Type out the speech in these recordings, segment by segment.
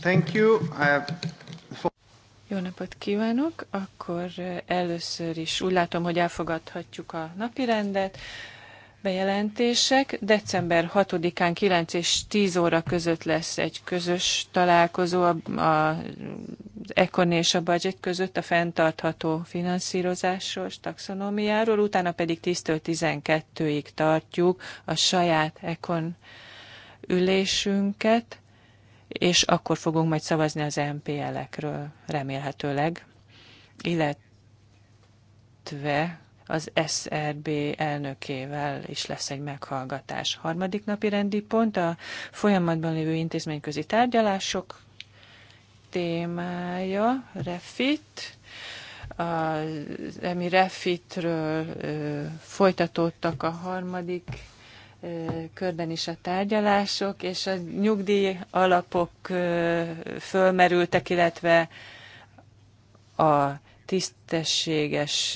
Thank you. I have... Jó napot kívánok! Akkor eh, először is úgy látom, hogy elfogadhatjuk a napirendet. Bejelentések. December 6-án 9 és 10 óra között lesz egy közös találkozó az Econ és a Budget között a fenntartható finanszírozásos taxonómiáról, utána pedig 10-től 12-ig tartjuk a saját Econ ülésünket és akkor fogunk majd szavazni az MPL-ekről, remélhetőleg, illetve az SRB elnökével is lesz egy meghallgatás. Harmadik napi rendi pont a folyamatban lévő intézményközi tárgyalások témája, refit. ami refitről ö, folytatódtak a harmadik körben is a tárgyalások, és a nyugdíj alapok fölmerültek, illetve a tisztességes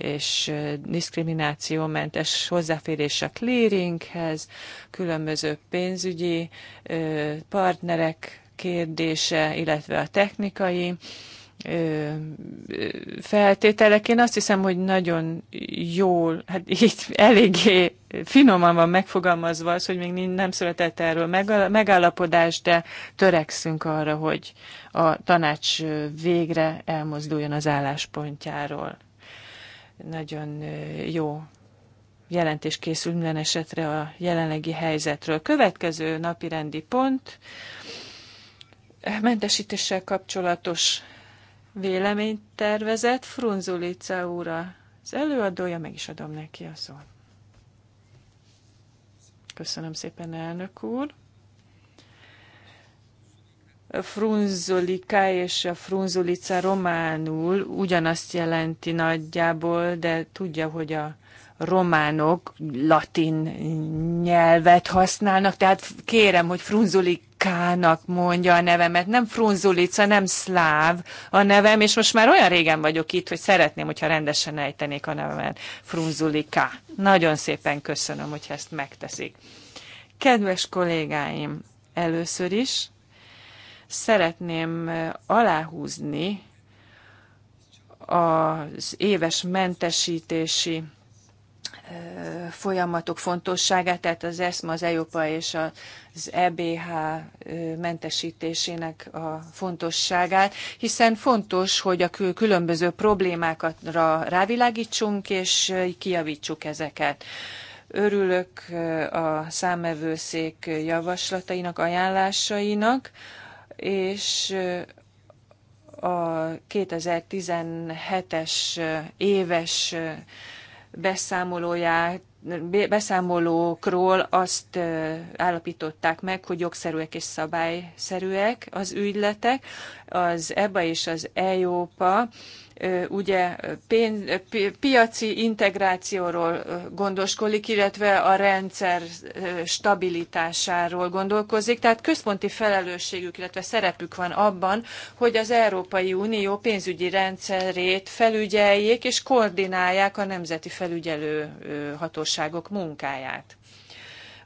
és diszkriminációmentes hozzáférés a clearinghez, különböző pénzügyi partnerek kérdése, illetve a technikai feltételek. Én azt hiszem, hogy nagyon jól, hát itt eléggé finoman van megfogalmazva az, hogy még nem született erről megállapodás, de törekszünk arra, hogy a tanács végre elmozduljon az álláspontjáról. Nagyon jó jelentés készül minden esetre a jelenlegi helyzetről. Következő napi rendi pont mentesítéssel kapcsolatos véleménytervezet Frunzulica úra. az előadója, meg is adom neki a szót. Köszönöm szépen, elnök úr. Frunzolika és a frunzulica románul ugyanazt jelenti nagyjából, de tudja, hogy a románok latin nyelvet használnak, tehát kérem, hogy frunzulik Kának mondja a nevemet, nem Frunzulica, nem Szláv a nevem, és most már olyan régen vagyok itt, hogy szeretném, hogyha rendesen ejtenék a nevemet, Frunzulika. Nagyon szépen köszönöm, hogyha ezt megteszik. Kedves kollégáim, először is szeretném aláhúzni az éves mentesítési folyamatok fontosságát, tehát az ESMA, az EIOPA és az EBH mentesítésének a fontosságát, hiszen fontos, hogy a különböző problémákra rávilágítsunk és kijavítsuk ezeket. Örülök a számevőszék javaslatainak, ajánlásainak, és a 2017-es éves beszámolóját, beszámolókról azt állapították meg, hogy jogszerűek és szabályszerűek az ügyletek. Az EBA és az EIOPA ugye pénz, piaci integrációról gondoskodik, illetve a rendszer stabilitásáról gondolkozik. Tehát központi felelősségük, illetve szerepük van abban, hogy az Európai Unió pénzügyi rendszerét felügyeljék és koordinálják a nemzeti felügyelő hatóságok munkáját.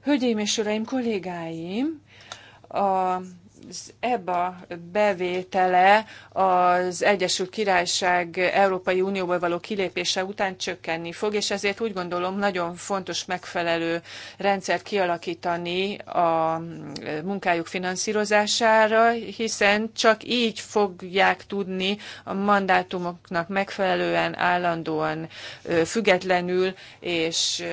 Hölgyeim és uraim, kollégáim, a az EBA bevétele az Egyesült Királyság Európai Unióból való kilépése után csökkenni fog, és ezért úgy gondolom nagyon fontos megfelelő rendszert kialakítani a munkájuk finanszírozására, hiszen csak így fogják tudni a mandátumoknak megfelelően, állandóan, függetlenül és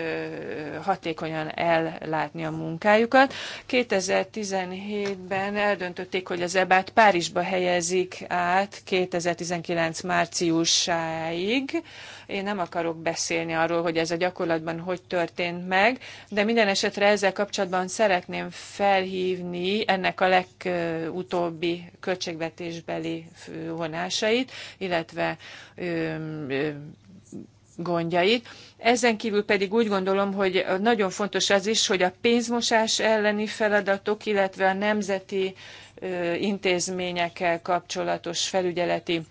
hatékonyan ellátni a munkájukat. 2017-ben eldöntöttük, döntötték, hogy az EBÁT Párizsba helyezik át 2019 márciusáig. Én nem akarok beszélni arról, hogy ez a gyakorlatban hogy történt meg, de minden esetre ezzel kapcsolatban szeretném felhívni ennek a legutóbbi költségvetésbeli vonásait, illetve gondjait. Ezen kívül pedig úgy gondolom, hogy nagyon fontos az is, hogy a pénzmosás elleni feladatok, illetve a nemzeti intézményekkel kapcsolatos felügyeleti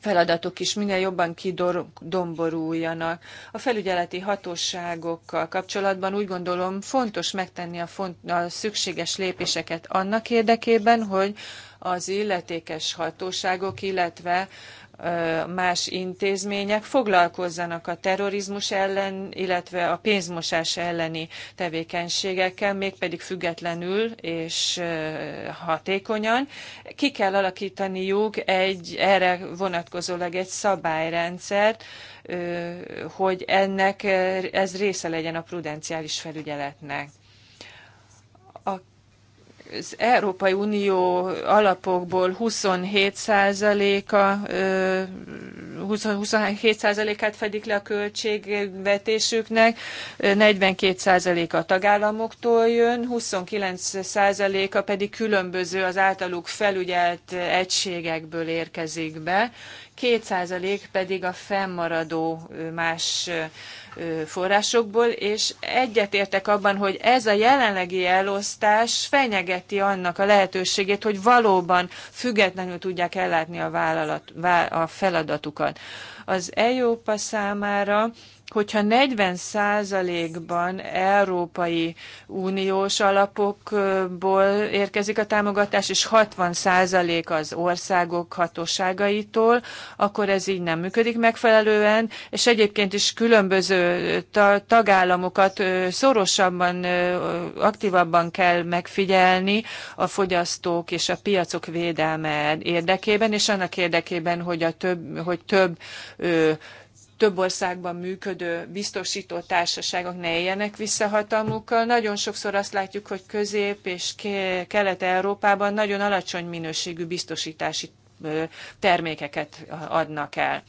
feladatok is minél jobban kidomboruljanak. A felügyeleti hatóságokkal kapcsolatban úgy gondolom fontos megtenni a, font, a szükséges lépéseket annak érdekében, hogy az illetékes hatóságok, illetve más intézmények foglalkozzanak a terrorizmus ellen, illetve a pénzmosás elleni tevékenységekkel, mégpedig függetlenül és hatékonyan. Ki kell alakítaniuk egy erre vonatkozólag egy szabályrendszert, hogy ennek ez része legyen a prudenciális felügyeletnek az Európai Unió alapokból 27 27%-át fedik le a költségvetésüknek, 42 a tagállamoktól jön, 29%-a pedig különböző az általuk felügyelt egységekből érkezik be, 2% pedig a fennmaradó más forrásokból, és egyetértek abban, hogy ez a jelenlegi elosztás fenyegeti annak a lehetőségét, hogy valóban függetlenül tudják ellátni a, vállalat, a feladatukat. Az EIOPA számára hogyha 40%-ban Európai Uniós alapokból érkezik a támogatás, és 60% az országok hatóságaitól, akkor ez így nem működik megfelelően, és egyébként is különböző tagállamokat szorosabban, aktívabban kell megfigyelni a fogyasztók és a piacok védelme érdekében, és annak érdekében, hogy, a több, hogy több több országban működő biztosító társaságok ne éljenek vissza hatalmukkal. Nagyon sokszor azt látjuk, hogy Közép- és Kelet-Európában nagyon alacsony minőségű biztosítási termékeket adnak el.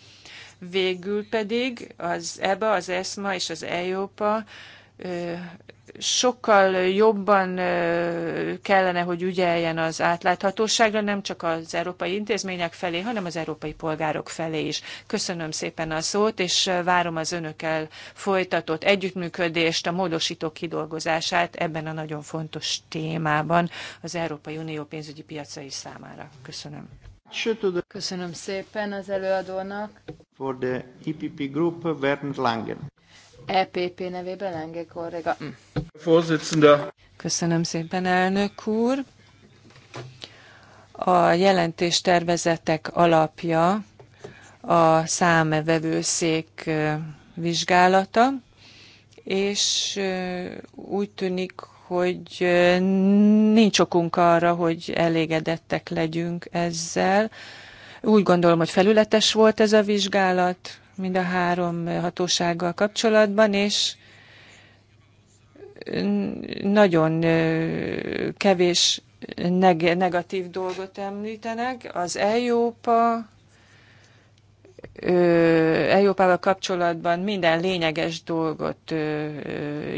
Végül pedig az EBA, az ESMA és az EIOPA sokkal jobban kellene, hogy ügyeljen az átláthatóságra, nem csak az európai intézmények felé, hanem az európai polgárok felé is. Köszönöm szépen a szót, és várom az önökkel folytatott együttműködést, a módosítók kidolgozását ebben a nagyon fontos témában az Európai Unió pénzügyi piacai számára. Köszönöm. Köszönöm szépen az előadónak. For the EPP Group, Werner Langen. EPP nevében Lenge kollega. Mm. Köszönöm szépen, elnök úr. A jelentés tervezetek alapja a számevevőszék vizsgálata, és úgy tűnik, hogy nincs okunk arra, hogy elégedettek legyünk ezzel. Úgy gondolom, hogy felületes volt ez a vizsgálat, mind a három hatósággal kapcsolatban, és nagyon kevés neg- negatív dolgot említenek. Az Európa Európával kapcsolatban minden lényeges dolgot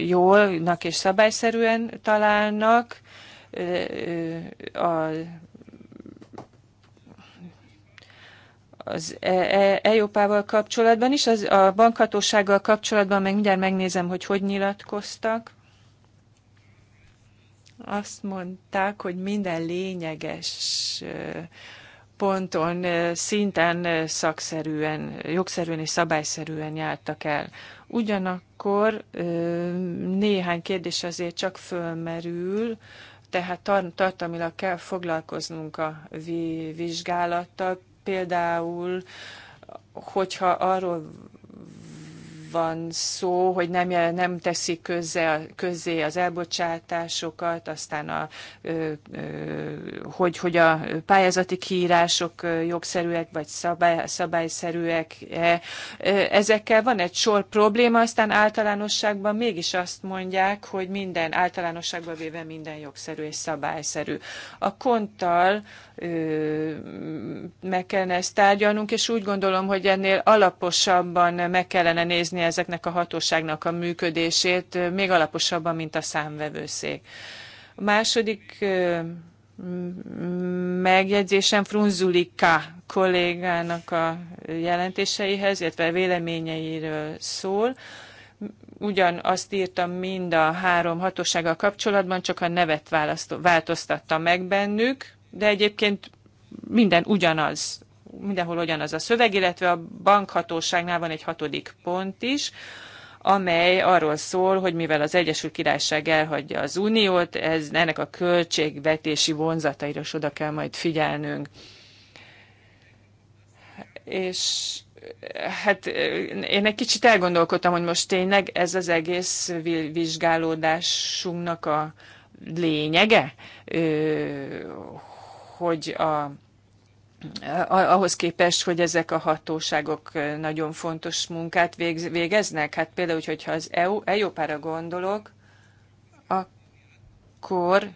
jólnak és szabályszerűen találnak. A az EIOPával e- kapcsolatban is, az, a bankhatósággal kapcsolatban meg mindjárt megnézem, hogy hogy nyilatkoztak. Azt mondták, hogy minden lényeges ponton, szinten szakszerűen, jogszerűen és szabályszerűen jártak el. Ugyanakkor néhány kérdés azért csak fölmerül, tehát tartalmilag kell foglalkoznunk a vizsgálattal, Például, hogyha arról van szó, hogy nem, nem teszi közze, az elbocsátásokat, aztán a, hogy, hogy a pályázati kiírások jogszerűek vagy szabály, szabályszerűek. Ezekkel van egy sor probléma, aztán általánosságban mégis azt mondják, hogy minden általánosságban véve minden jogszerű és szabályszerű. A konttal meg kellene ezt tárgyalnunk, és úgy gondolom, hogy ennél alaposabban meg kellene nézni ezeknek a hatóságnak a működését még alaposabban, mint a számvevőszék. A második megjegyzésem Frunzulika kollégának a jelentéseihez, illetve véleményeiről szól. Ugyanazt azt írtam mind a három hatósággal kapcsolatban, csak a nevet változtatta meg bennük, de egyébként minden ugyanaz mindenhol ugyanaz a szöveg, illetve a bankhatóságnál van egy hatodik pont is, amely arról szól, hogy mivel az Egyesült Királyság elhagyja az Uniót, ez, ennek a költségvetési vonzataira is oda kell majd figyelnünk. És hát én egy kicsit elgondolkodtam, hogy most tényleg ez az egész vizsgálódásunknak a lényege, hogy a ahhoz képest, hogy ezek a hatóságok nagyon fontos munkát végeznek. Hát például, hogyha az EU, EUPára gondolok, akkor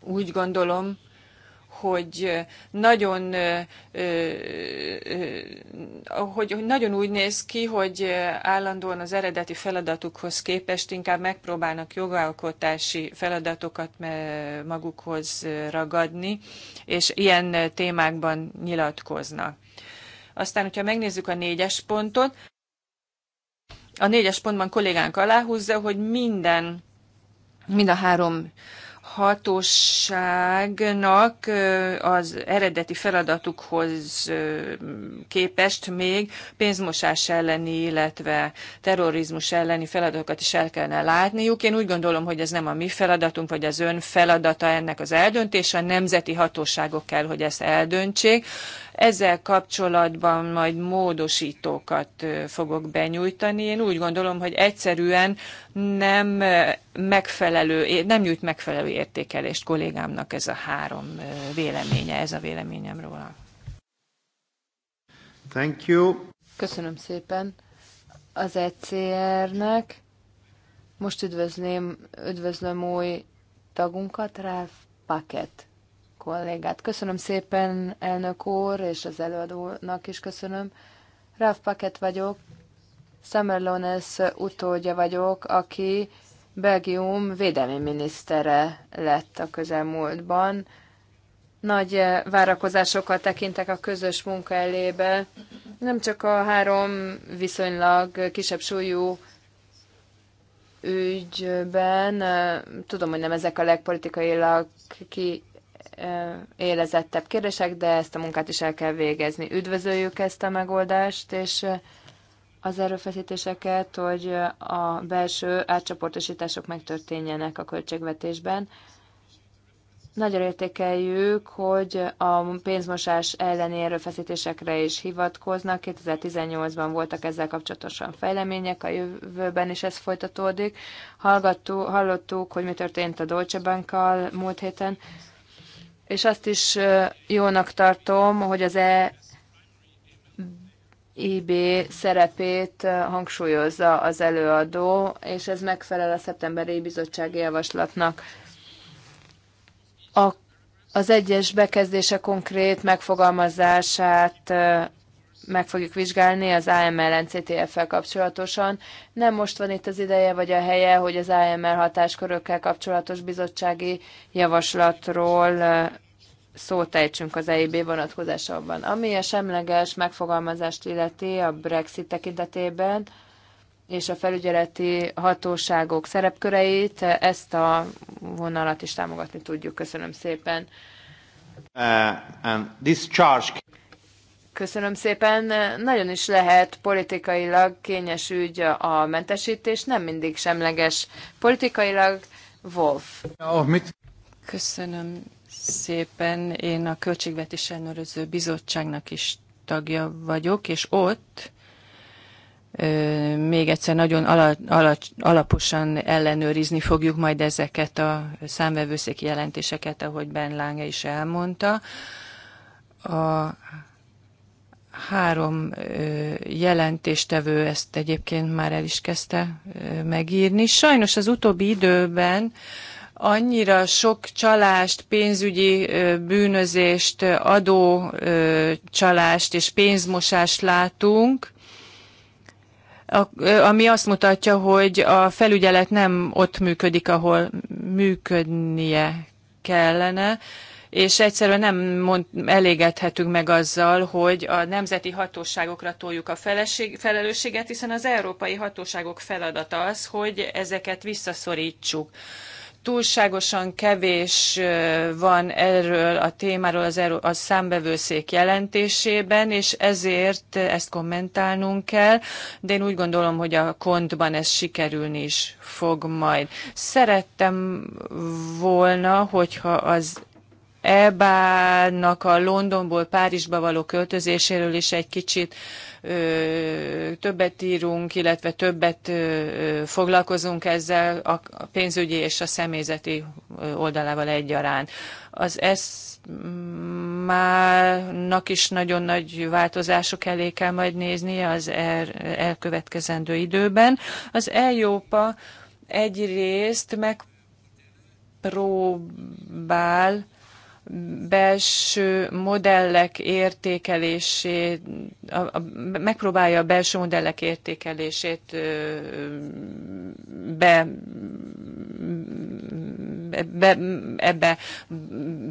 úgy gondolom, hogy nagyon, hogy nagyon úgy néz ki, hogy állandóan az eredeti feladatukhoz képest inkább megpróbálnak jogalkotási feladatokat magukhoz ragadni, és ilyen témákban nyilatkoznak. Aztán, hogyha megnézzük a négyes pontot, a négyes pontban kollégánk aláhúzza, hogy minden, mind a három hatóságnak az eredeti feladatukhoz képest még pénzmosás elleni, illetve terrorizmus elleni feladatokat is el kellene látniuk. Én úgy gondolom, hogy ez nem a mi feladatunk, vagy az ön feladata ennek az eldöntése, a nemzeti hatóságok kell, hogy ezt eldöntsék. Ezzel kapcsolatban majd módosítókat fogok benyújtani. Én úgy gondolom, hogy egyszerűen nem megfelelő, nem nyújt megfelelő értékelést kollégámnak ez a három véleménye, ez a véleményem róla. Thank you. Köszönöm szépen az ECR-nek. Most üdvözlöm új tagunkat, Ralph Paket kollégát. Köszönöm szépen, elnök úr, és az előadónak is köszönöm. Ralph Paket vagyok, Summer Lones utódja vagyok, aki Belgium védelmi minisztere lett a közelmúltban. Nagy eh, várakozásokkal tekintek a közös munka elébe. Nem csak a három viszonylag kisebb súlyú ügyben, eh, tudom, hogy nem ezek a legpolitikailag ki élezettebb kérdések, de ezt a munkát is el kell végezni. Üdvözöljük ezt a megoldást, és az erőfeszítéseket, hogy a belső átcsoportosítások megtörténjenek a költségvetésben. Nagyon értékeljük, hogy a pénzmosás elleni erőfeszítésekre is hivatkoznak. 2018-ban voltak ezzel kapcsolatosan fejlemények, a jövőben is ez folytatódik. Hallgattuk, hallottuk, hogy mi történt a Dolce Bankkal múlt héten és azt is jónak tartom, hogy az eib szerepét hangsúlyozza az előadó, és ez megfelel a szeptemberi bizottsági javaslatnak. A, az egyes bekezdése konkrét megfogalmazását meg fogjuk vizsgálni az AML NCTF-fel kapcsolatosan. Nem most van itt az ideje vagy a helye, hogy az AML hatáskörökkel kapcsolatos bizottsági javaslatról szót ejtsünk az EIB vonatkozásában. Ami a semleges megfogalmazást illeti a Brexit tekintetében, és a felügyeleti hatóságok szerepköreit, ezt a vonalat is támogatni tudjuk. Köszönöm szépen. Uh, and this charge... Köszönöm szépen. Nagyon is lehet politikailag kényes ügy a mentesítés, nem mindig semleges politikailag. Wolf. mit? Köszönöm szépen. Én a Költségvetés Ellenőrző Bizottságnak is tagja vagyok, és ott még egyszer nagyon ala, ala, alaposan ellenőrizni fogjuk majd ezeket a számvevőszéki jelentéseket, ahogy Ben Lange is elmondta. A három jelentéstevő ezt egyébként már el is kezdte megírni. Sajnos az utóbbi időben annyira sok csalást, pénzügyi bűnözést, adócsalást és pénzmosást látunk, ami azt mutatja, hogy a felügyelet nem ott működik, ahol működnie kellene, és egyszerűen nem mond, elégedhetünk meg azzal, hogy a nemzeti hatóságokra toljuk a feleség, felelősséget, hiszen az európai hatóságok feladata az, hogy ezeket visszaszorítsuk túlságosan kevés van erről a témáról az erő a számbevőszék jelentésében, és ezért ezt kommentálnunk kell, de én úgy gondolom, hogy a kontban ez sikerülni is fog majd. Szerettem volna, hogyha az Ebának a Londonból Párizsba való költözéséről is egy kicsit ö, többet írunk, illetve többet ö, foglalkozunk ezzel a pénzügyi és a személyzeti oldalával egyaránt. Az ESZMÁ-nak is nagyon nagy változások elé kell majd néznie az el, er, elkövetkezendő időben. Az ELJÓPA egyrészt megpróbál belső modellek értékelését, a, a, megpróbálja a belső modellek értékelését ö, be, be, ebbe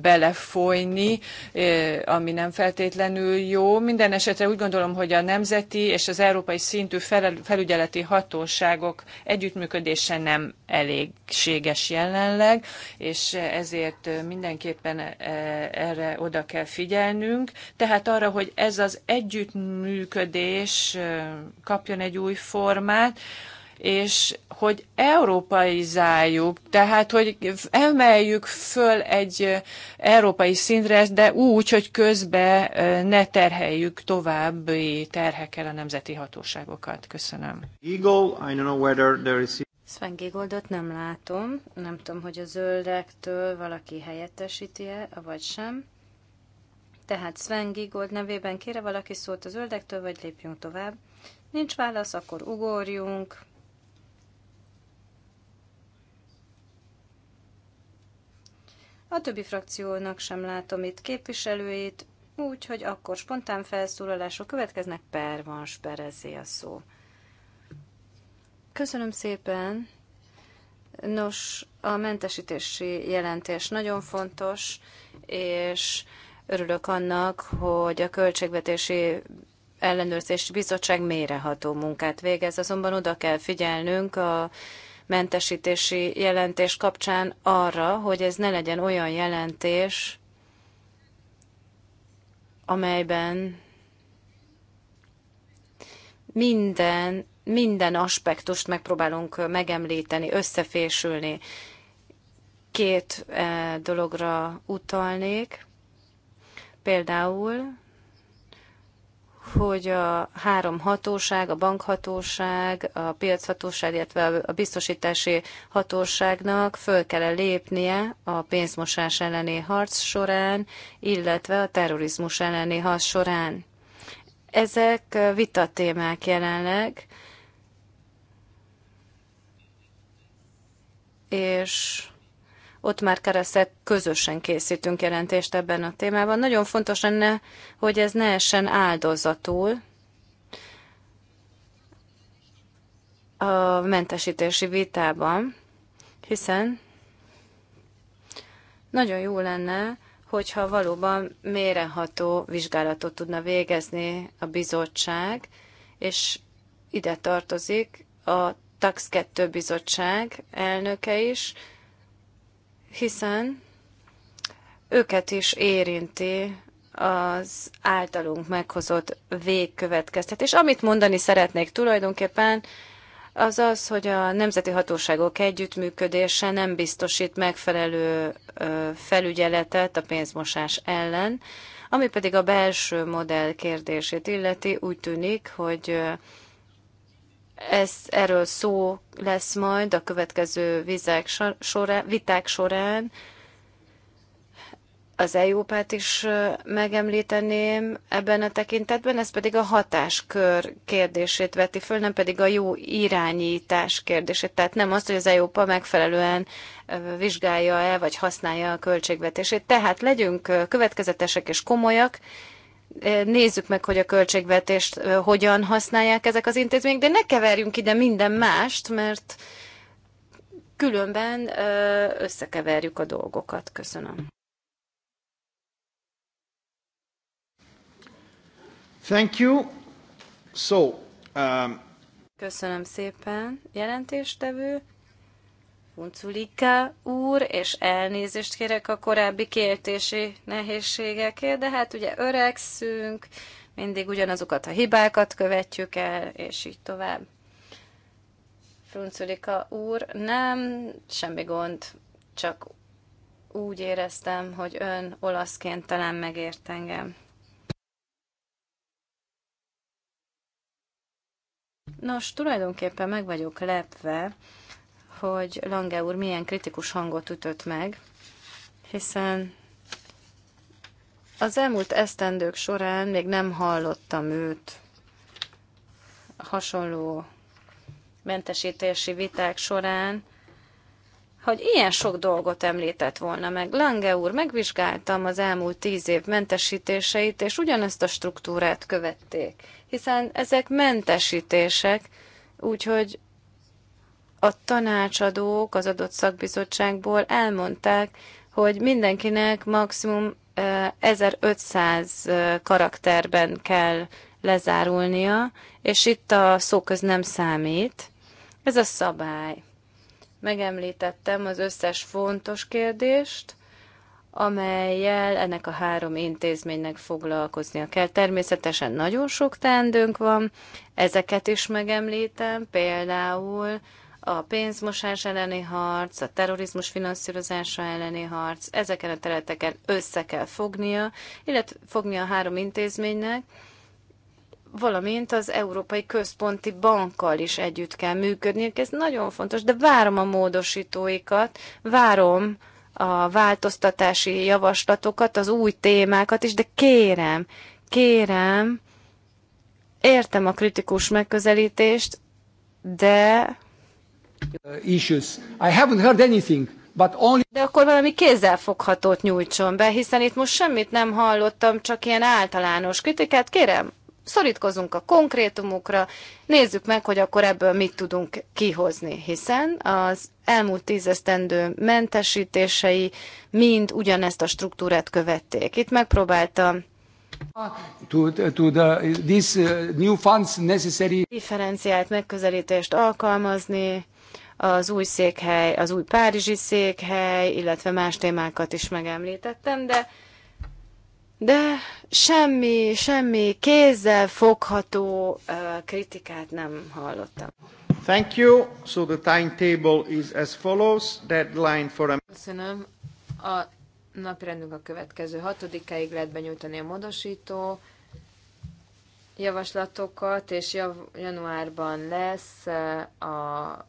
belefolyni, ö, ami nem feltétlenül jó. Minden esetre úgy gondolom, hogy a nemzeti és az európai szintű fel, felügyeleti hatóságok együttműködése nem elégséges jelenleg, és ezért mindenképpen E, erre oda kell figyelnünk, tehát arra, hogy ez az együttműködés e, kapjon egy új formát, és hogy európaizáljuk, tehát hogy emeljük föl egy e, európai szintre, de úgy, hogy közben ne terheljük további terhekkel a nemzeti hatóságokat. Köszönöm. Eagle, I don't know whether there is... Sven Gigoldot nem látom, nem tudom, hogy a zöldektől valaki helyettesíti-e, vagy sem. Tehát Sven Gigold nevében kére valaki szólt a zöldektől, vagy lépjünk tovább. Nincs válasz, akkor ugorjunk. A többi frakciónak sem látom itt képviselőit, úgyhogy akkor spontán felszólalások következnek, per van, sperezi a szó. Köszönöm szépen. Nos, a mentesítési jelentés nagyon fontos, és örülök annak, hogy a Költségvetési Ellenőrzési Bizottság méreható munkát végez, azonban oda kell figyelnünk a mentesítési jelentés kapcsán arra, hogy ez ne legyen olyan jelentés, amelyben minden minden aspektust megpróbálunk megemlíteni, összefésülni. Két eh, dologra utalnék. Például, hogy a három hatóság, a bankhatóság, a piachatóság, illetve a biztosítási hatóságnak föl kell lépnie a pénzmosás elleni harc során, illetve a terrorizmus elleni harc során. Ezek eh, vitatémák jelenleg, és ott már keresztek közösen készítünk jelentést ebben a témában. Nagyon fontos lenne, hogy ez ne essen áldozatul a mentesítési vitában, hiszen nagyon jó lenne, hogyha valóban méreható vizsgálatot tudna végezni a bizottság, és ide tartozik a TAX 2 bizottság elnöke is, hiszen őket is érinti az általunk meghozott végkövetkeztetés. Amit mondani szeretnék tulajdonképpen, az az, hogy a nemzeti hatóságok együttműködése nem biztosít megfelelő felügyeletet a pénzmosás ellen, ami pedig a belső modell kérdését illeti, úgy tűnik, hogy ez, erről szó lesz majd a következő vizek során, viták során. Az EUP-t is megemlíteném ebben a tekintetben, ez pedig a hatáskör kérdését veti föl, nem pedig a jó irányítás kérdését. Tehát nem azt, hogy az EUPA megfelelően vizsgálja el, vagy használja a költségvetését. Tehát legyünk következetesek és komolyak, nézzük meg, hogy a költségvetést hogyan használják ezek az intézmények, de ne keverjünk ide minden mást, mert különben összekeverjük a dolgokat. Köszönöm. Thank you. So, um... Köszönöm szépen, jelentéstevő. Unculika úr, és elnézést kérek a korábbi kértési nehézségekért, de hát ugye öregszünk, mindig ugyanazokat a hibákat követjük el, és így tovább. Frunculika úr, nem, semmi gond, csak úgy éreztem, hogy ön olaszként talán megért engem. Nos, tulajdonképpen meg vagyok lepve, hogy Lange úr milyen kritikus hangot ütött meg, hiszen az elmúlt esztendők során még nem hallottam őt hasonló mentesítési viták során, hogy ilyen sok dolgot említett volna meg. Lange úr, megvizsgáltam az elmúlt tíz év mentesítéseit, és ugyanezt a struktúrát követték, hiszen ezek mentesítések, úgyhogy a tanácsadók az adott szakbizottságból elmondták, hogy mindenkinek maximum 1500 karakterben kell lezárulnia, és itt a szóköz nem számít. Ez a szabály. Megemlítettem az összes fontos kérdést, amelyel ennek a három intézménynek foglalkoznia kell. Természetesen nagyon sok teendőnk van, ezeket is megemlítem, például a pénzmosás elleni harc, a terrorizmus finanszírozása elleni harc, ezeken a területeken össze kell fognia, illetve fognia a három intézménynek, valamint az Európai Központi Bankkal is együtt kell működni. Ez nagyon fontos, de várom a módosítóikat, várom a változtatási javaslatokat, az új témákat is, de kérem, kérem, értem a kritikus megközelítést, de Uh, issues. I haven't heard anything. But only... De akkor valami kézzelfoghatót nyújtson be, hiszen itt most semmit nem hallottam, csak ilyen általános kritikát. Kérem, szorítkozunk a konkrétumokra, nézzük meg, hogy akkor ebből mit tudunk kihozni, hiszen az elmúlt tízesztendő mentesítései mind ugyanezt a struktúrát követték. Itt megpróbáltam to, to the, this uh, new funds necessary... differenciált megközelítést alkalmazni, az új székhely, az új párizsi székhely, illetve más témákat is megemlítettem, de de semmi, semmi kézzel fogható uh, kritikát nem hallottam. Thank you. So the timetable is as follows. Deadline for a... Köszönöm. A napirendünk a következő hatodikáig lehet benyújtani a módosító javaslatokat, és jav- januárban lesz a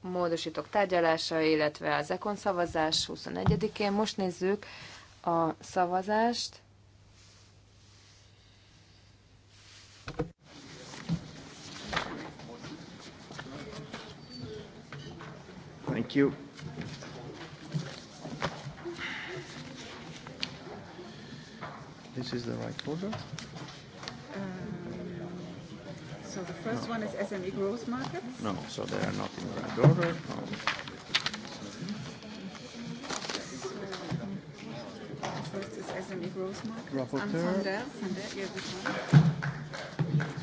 módosítók tárgyalása, illetve az EKON szavazás 21-én. Most nézzük a szavazást. Thank you. This is the right order. So the first no. one is SME growth market? No, so they are not in the right order. No. First is SME growth markets. Rapporteur.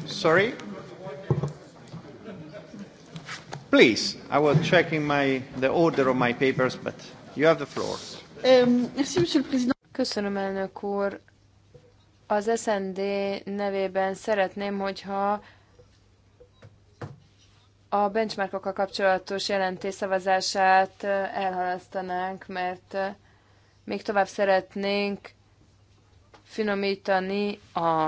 Sorry? Please, I was checking my, the order of my papers, but you have the floor. Um, Köszönöm, elnök úr. Az SND nevében szeretném, hogyha a benchmarkokkal kapcsolatos jelentés szavazását elhalasztanánk, mert még tovább szeretnénk finomítani a,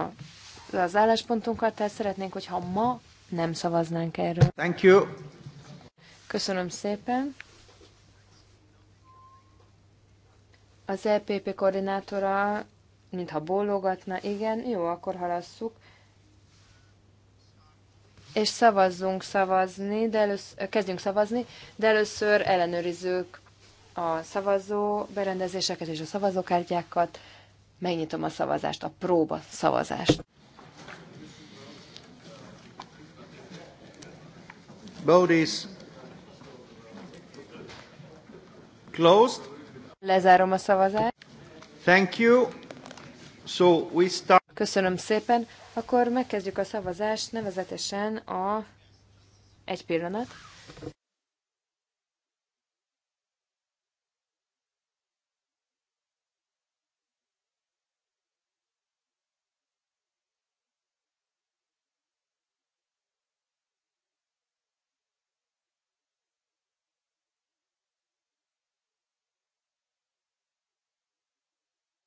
az álláspontunkat, tehát szeretnénk, hogyha ma nem szavaznánk erről. Thank you. Köszönöm szépen. Az EPP koordinátora, mintha bólogatna, igen, jó, akkor halasszuk és szavazzunk szavazni, de először, kezdjünk szavazni, de először ellenőrizzük a szavazó berendezéseket és a szavazókártyákat. Megnyitom a szavazást, a próba szavazást. Vote closed. Lezárom a szavazást. Thank you. So we start Köszönöm szépen. Akkor megkezdjük a szavazást, nevezetesen a... Egy pillanat.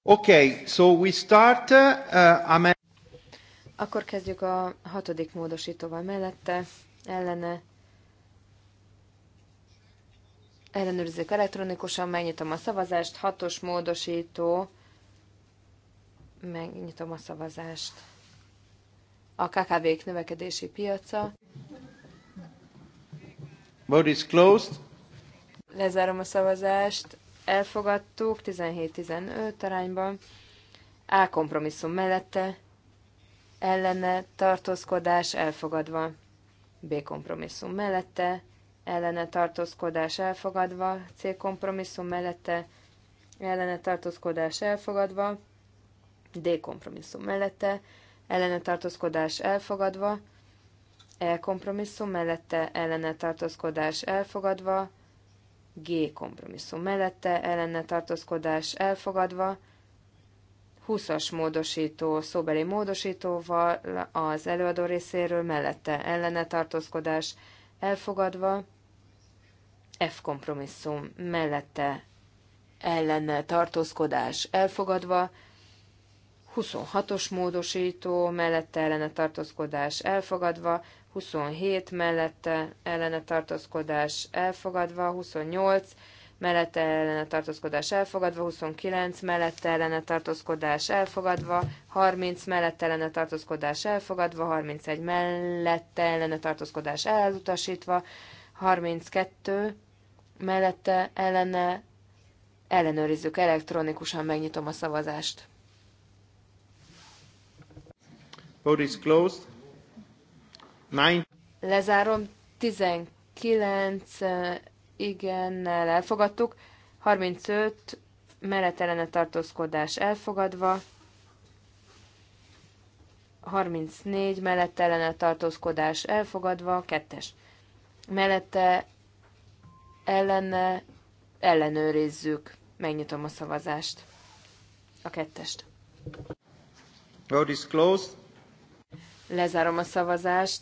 Okay, so we start, uh, Akkor kezdjük a hatodik módosítóval mellette, ellene. Ellenőrizzük elektronikusan, megnyitom a szavazást, hatos módosító, megnyitom a szavazást. A kkv növekedési piaca. Vote is closed. Lezárom a szavazást, elfogadtuk 17-15 arányban. A kompromisszum mellette ellene tartózkodás elfogadva. B kompromisszum mellette ellene tartózkodás elfogadva. C kompromisszum mellette ellene tartózkodás elfogadva. D kompromisszum mellette ellene tartózkodás elfogadva. E kompromisszum mellette ellene tartózkodás elfogadva. G kompromisszum mellette ellenne tartózkodás elfogadva, 20-as módosító szóbeli módosítóval az előadó részéről mellette ellene tartózkodás elfogadva, F kompromisszum mellette ellene tartózkodás elfogadva, 26-os módosító mellette ellene tartózkodás elfogadva, 27 mellette ellene tartózkodás elfogadva, 28 mellette ellene tartózkodás elfogadva, 29 mellette ellene tartózkodás elfogadva, 30 mellette ellene tartózkodás elfogadva, 31 mellette ellene tartózkodás elutasítva, 32 mellette ellene ellenőrizzük elektronikusan, megnyitom a szavazást. Vote is closed. Nine. Lezárom. 19 eh, igen elfogadtuk. 35 meretelene tartózkodás elfogadva. 34 mellettelene tartózkodás elfogadva, kettes. Mellette ellene ellenőrizzük. Megnyitom a szavazást. A kettest. Vote is closed. Lezárom a szavazást.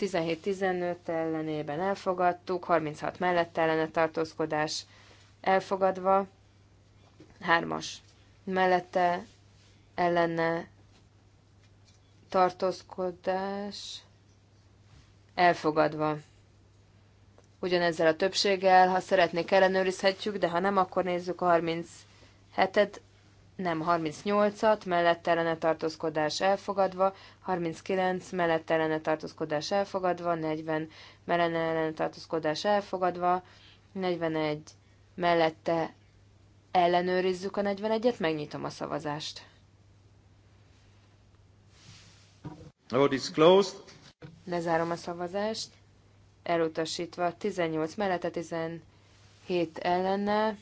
17-15 ellenében elfogadtuk, 36 mellett ellene tartózkodás elfogadva, 3-as mellette ellene tartózkodás elfogadva. Ugyanezzel a többséggel, ha szeretnék ellenőrizhetjük, de ha nem, akkor nézzük a 37-et, nem 38-at, mellettelene tartózkodás elfogadva, 39 mellettelene tartózkodás elfogadva, 40 mellettelene tartózkodás elfogadva, 41 mellette ellenőrizzük a 41-et, megnyitom a szavazást. Vote is closed. Lezárom a szavazást, elutasítva 18 mellette, 17 ellennel,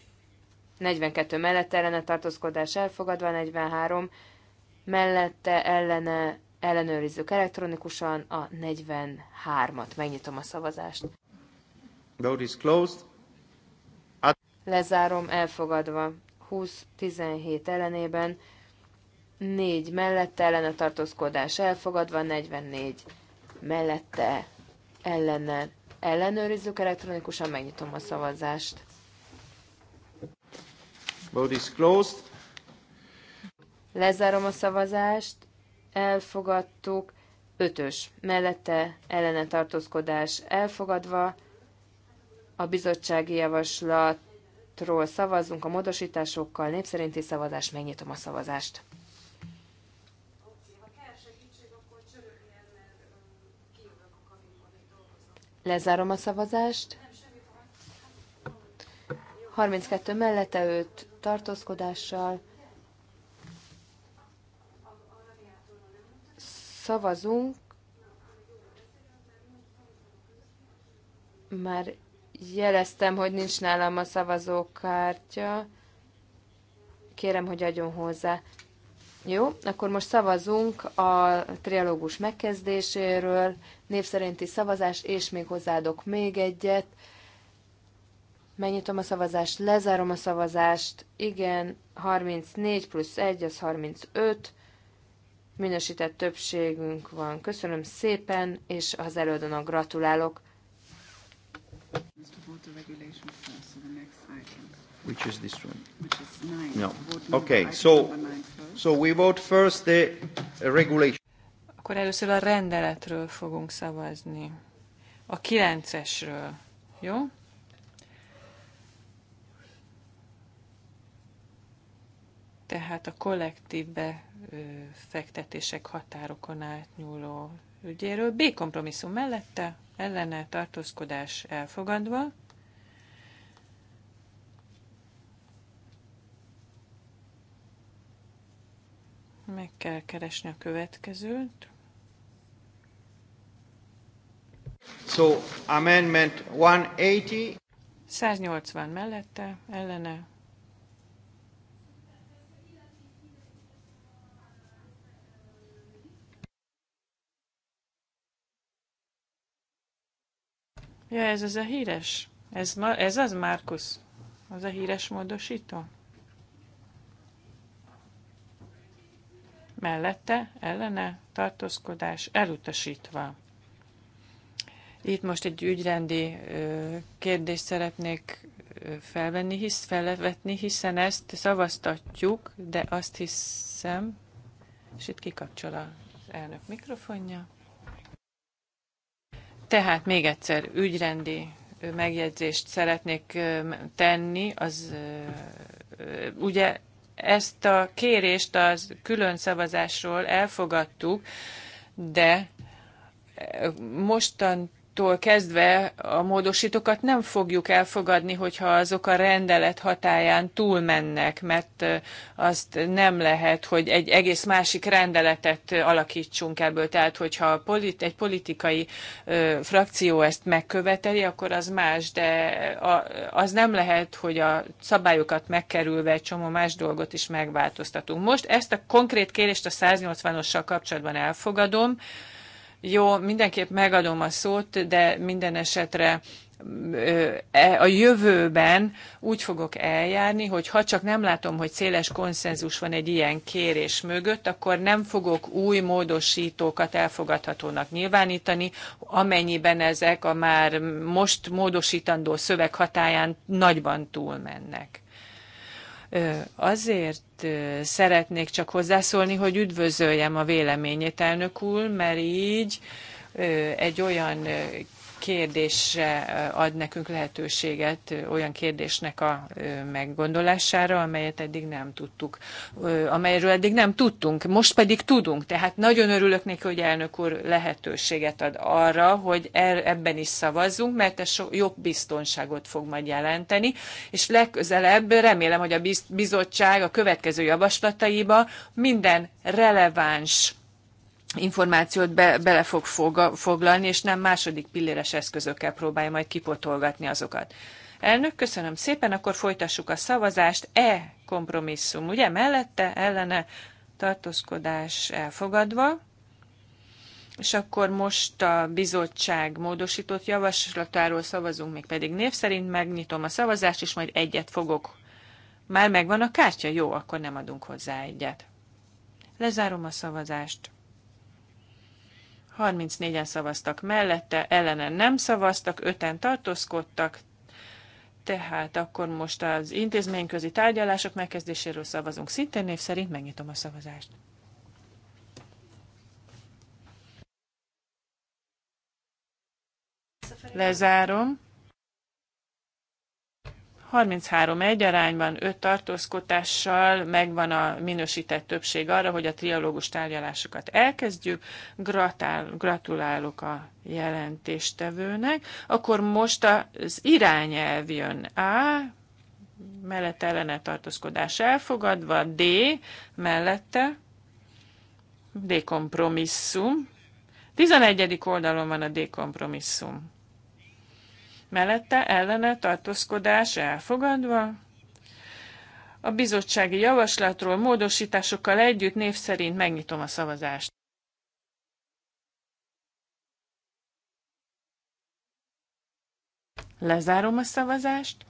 42 mellette ellene tartózkodás elfogadva, 43 mellette ellene ellenőrizzük elektronikusan a 43-at. Megnyitom a szavazást. Vote is closed. Lezárom elfogadva. 20-17 ellenében, 4 mellette ellene tartózkodás elfogadva, 44 mellette ellene ellenőrizzük elektronikusan, megnyitom a szavazást. Vote is closed. Lezárom a szavazást. Elfogadtuk. Ötös. Mellette ellene tartózkodás elfogadva. A bizottsági javaslatról szavazunk a módosításokkal. Népszerinti szavazás. Megnyitom a szavazást. Lezárom a szavazást. 32 mellette őt tartózkodással. Szavazunk. Már jeleztem, hogy nincs nálam a szavazókártya. Kérem, hogy adjon hozzá. Jó, akkor most szavazunk a trialógus megkezdéséről, név szerinti szavazás, és még hozzáadok még egyet. Megnyitom a szavazást, lezárom a szavazást. Igen, 34 plusz 1, az 35. Minősített többségünk van. Köszönöm szépen, és az előadónak gratulálok. Which is this one? Which is nine. No. Okay, so, so we vote first the regulation. Akkor először a rendeletről fogunk szavazni. A kilencesről. Jó? Tehát a kollektív befektetések határokon átnyúló ügyéről. B kompromisszum mellette, ellene tartózkodás elfogadva. Meg kell keresni a következőt. So, amendment 180. 180 mellette, ellene Ja, ez az a híres? Ez, ma, ez az, Márkusz? Az a híres módosító? Mellette, ellene, tartózkodás elutasítva. Itt most egy ügyrendi ö, kérdést szeretnék felvenni, hisz, felvetni, hiszen ezt szavaztatjuk, de azt hiszem, és itt kikapcsol az elnök mikrofonja. Tehát még egyszer ügyrendi megjegyzést szeretnék tenni, az ugye ezt a kérést az külön szavazásról elfogadtuk, de mostan tól kezdve a módosítókat nem fogjuk elfogadni, hogyha azok a rendelet hatáján túlmennek, mert azt nem lehet, hogy egy egész másik rendeletet alakítsunk ebből. Tehát, hogyha egy politikai frakció ezt megköveteli, akkor az más, de az nem lehet, hogy a szabályokat megkerülve egy csomó más dolgot is megváltoztatunk. Most ezt a konkrét kérést a 180-ossal kapcsolatban elfogadom, jó, mindenképp megadom a szót, de minden esetre e, a jövőben úgy fogok eljárni, hogy ha csak nem látom, hogy széles konszenzus van egy ilyen kérés mögött, akkor nem fogok új módosítókat elfogadhatónak nyilvánítani, amennyiben ezek a már most módosítandó szöveg hatáján nagyban túlmennek. Azért szeretnék csak hozzászólni, hogy üdvözöljem a véleményét, elnök úr, mert így egy olyan kérdésre ad nekünk lehetőséget, olyan kérdésnek a meggondolására, amelyet eddig nem tudtuk, amelyről eddig nem tudtunk, most pedig tudunk. Tehát nagyon örülök neki, hogy elnök úr lehetőséget ad arra, hogy er-, ebben is szavazzunk, mert ez jobb biztonságot fog majd jelenteni, és legközelebb remélem, hogy a bizottság a következő javaslataiba minden releváns információt be, bele fog foglalni, és nem második pilléres eszközökkel próbálja majd kipotolgatni azokat. Elnök, köszönöm szépen, akkor folytassuk a szavazást. E kompromisszum, ugye? Mellette, ellene, tartózkodás elfogadva. És akkor most a bizottság módosított javaslatáról szavazunk, még pedig név szerint megnyitom a szavazást, és majd egyet fogok. Már megvan a kártya? Jó, akkor nem adunk hozzá egyet. Lezárom a szavazást. 34-en szavaztak mellette, ellene nem szavaztak, 5-en tartózkodtak, tehát akkor most az intézményközi tárgyalások megkezdéséről szavazunk. Szintén név szerint megnyitom a szavazást. Lezárom. 33-1 arányban 5 tartózkodással megvan a minősített többség arra, hogy a trialógus tárgyalásokat elkezdjük. Gratál, gratulálok a jelentéstevőnek. Akkor most az irányelv jön A, mellett ellene tartózkodás elfogadva, D mellette, D kompromisszum. 11. oldalon van a D kompromisszum mellette ellene tartózkodás elfogadva. A bizottsági javaslatról módosításokkal együtt név szerint megnyitom a szavazást. Lezárom a szavazást.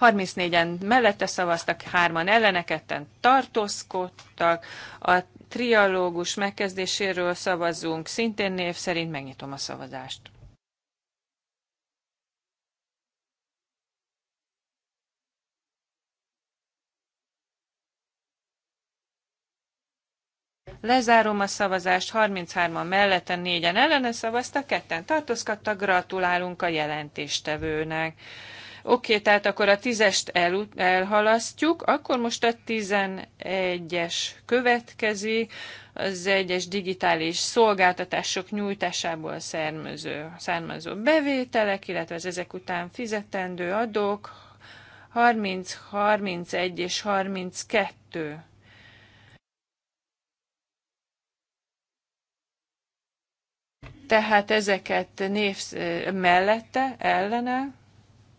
34-en mellette szavaztak, hárman ellene, ketten tartózkodtak. A trialógus megkezdéséről szavazunk, szintén név szerint megnyitom a szavazást. Lezárom a szavazást, 33-an mellette, 4-en ellene szavaztak, ketten tartózkodtak, gratulálunk a jelentéstevőnek. Oké, okay, tehát akkor a tízest el, elhalasztjuk, akkor most a 11-es következik, az egyes digitális szolgáltatások nyújtásából származó, származó bevételek, illetve az ezek után fizetendő adók, 30, 31 és 32 Tehát ezeket név mellette, ellene,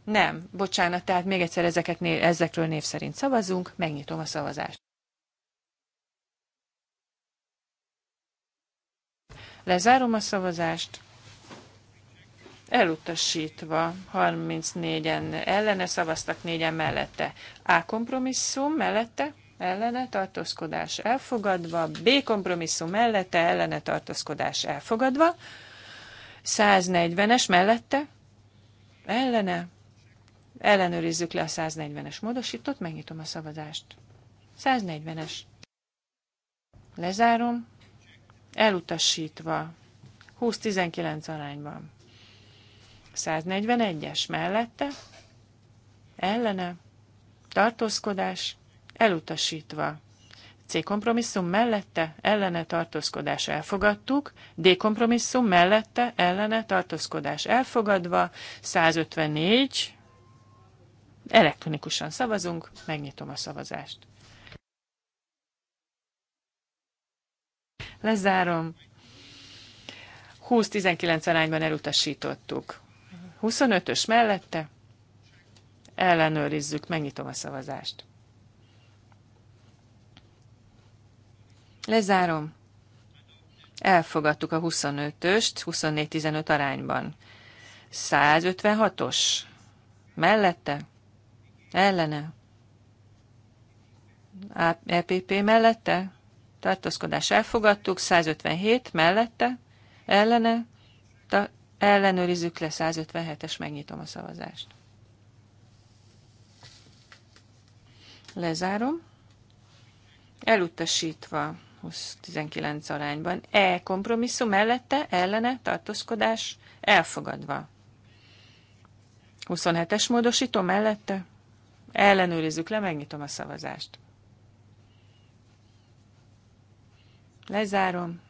nem, bocsánat, tehát még egyszer ezeket, ezekről név szerint szavazunk, megnyitom a szavazást. Lezárom a szavazást. Elutasítva 34-en ellene szavaztak, 4-en mellette. A kompromisszum mellette, ellene tartózkodás elfogadva, B kompromisszum mellette, ellene tartózkodás elfogadva. 140-es mellette, ellene, ellenőrizzük le a 140-es módosított, megnyitom a szavazást. 140-es. Lezárom, elutasítva, 20-19 arányban. 141-es mellette, ellene, tartózkodás, elutasítva. C kompromisszum mellette ellene tartózkodás elfogadtuk, D kompromisszum mellette ellene tartózkodás elfogadva, 154, elektronikusan szavazunk, megnyitom a szavazást. Lezárom. 20-19 arányban elutasítottuk. 25-ös mellette ellenőrizzük, megnyitom a szavazást. Lezárom. Elfogadtuk a 25-öst 24-15 arányban. 156-os. Mellette? Ellene? EPP mellette? Tartózkodás elfogadtuk. 157 mellette? Ellene? Ta- ellenőrizzük le 157-es, megnyitom a szavazást. Lezárom. Elutasítva 20-19 arányban. E kompromisszum mellette, ellene, tartózkodás elfogadva. 27-es módosító mellette, ellenőrizzük le, megnyitom a szavazást. Lezárom.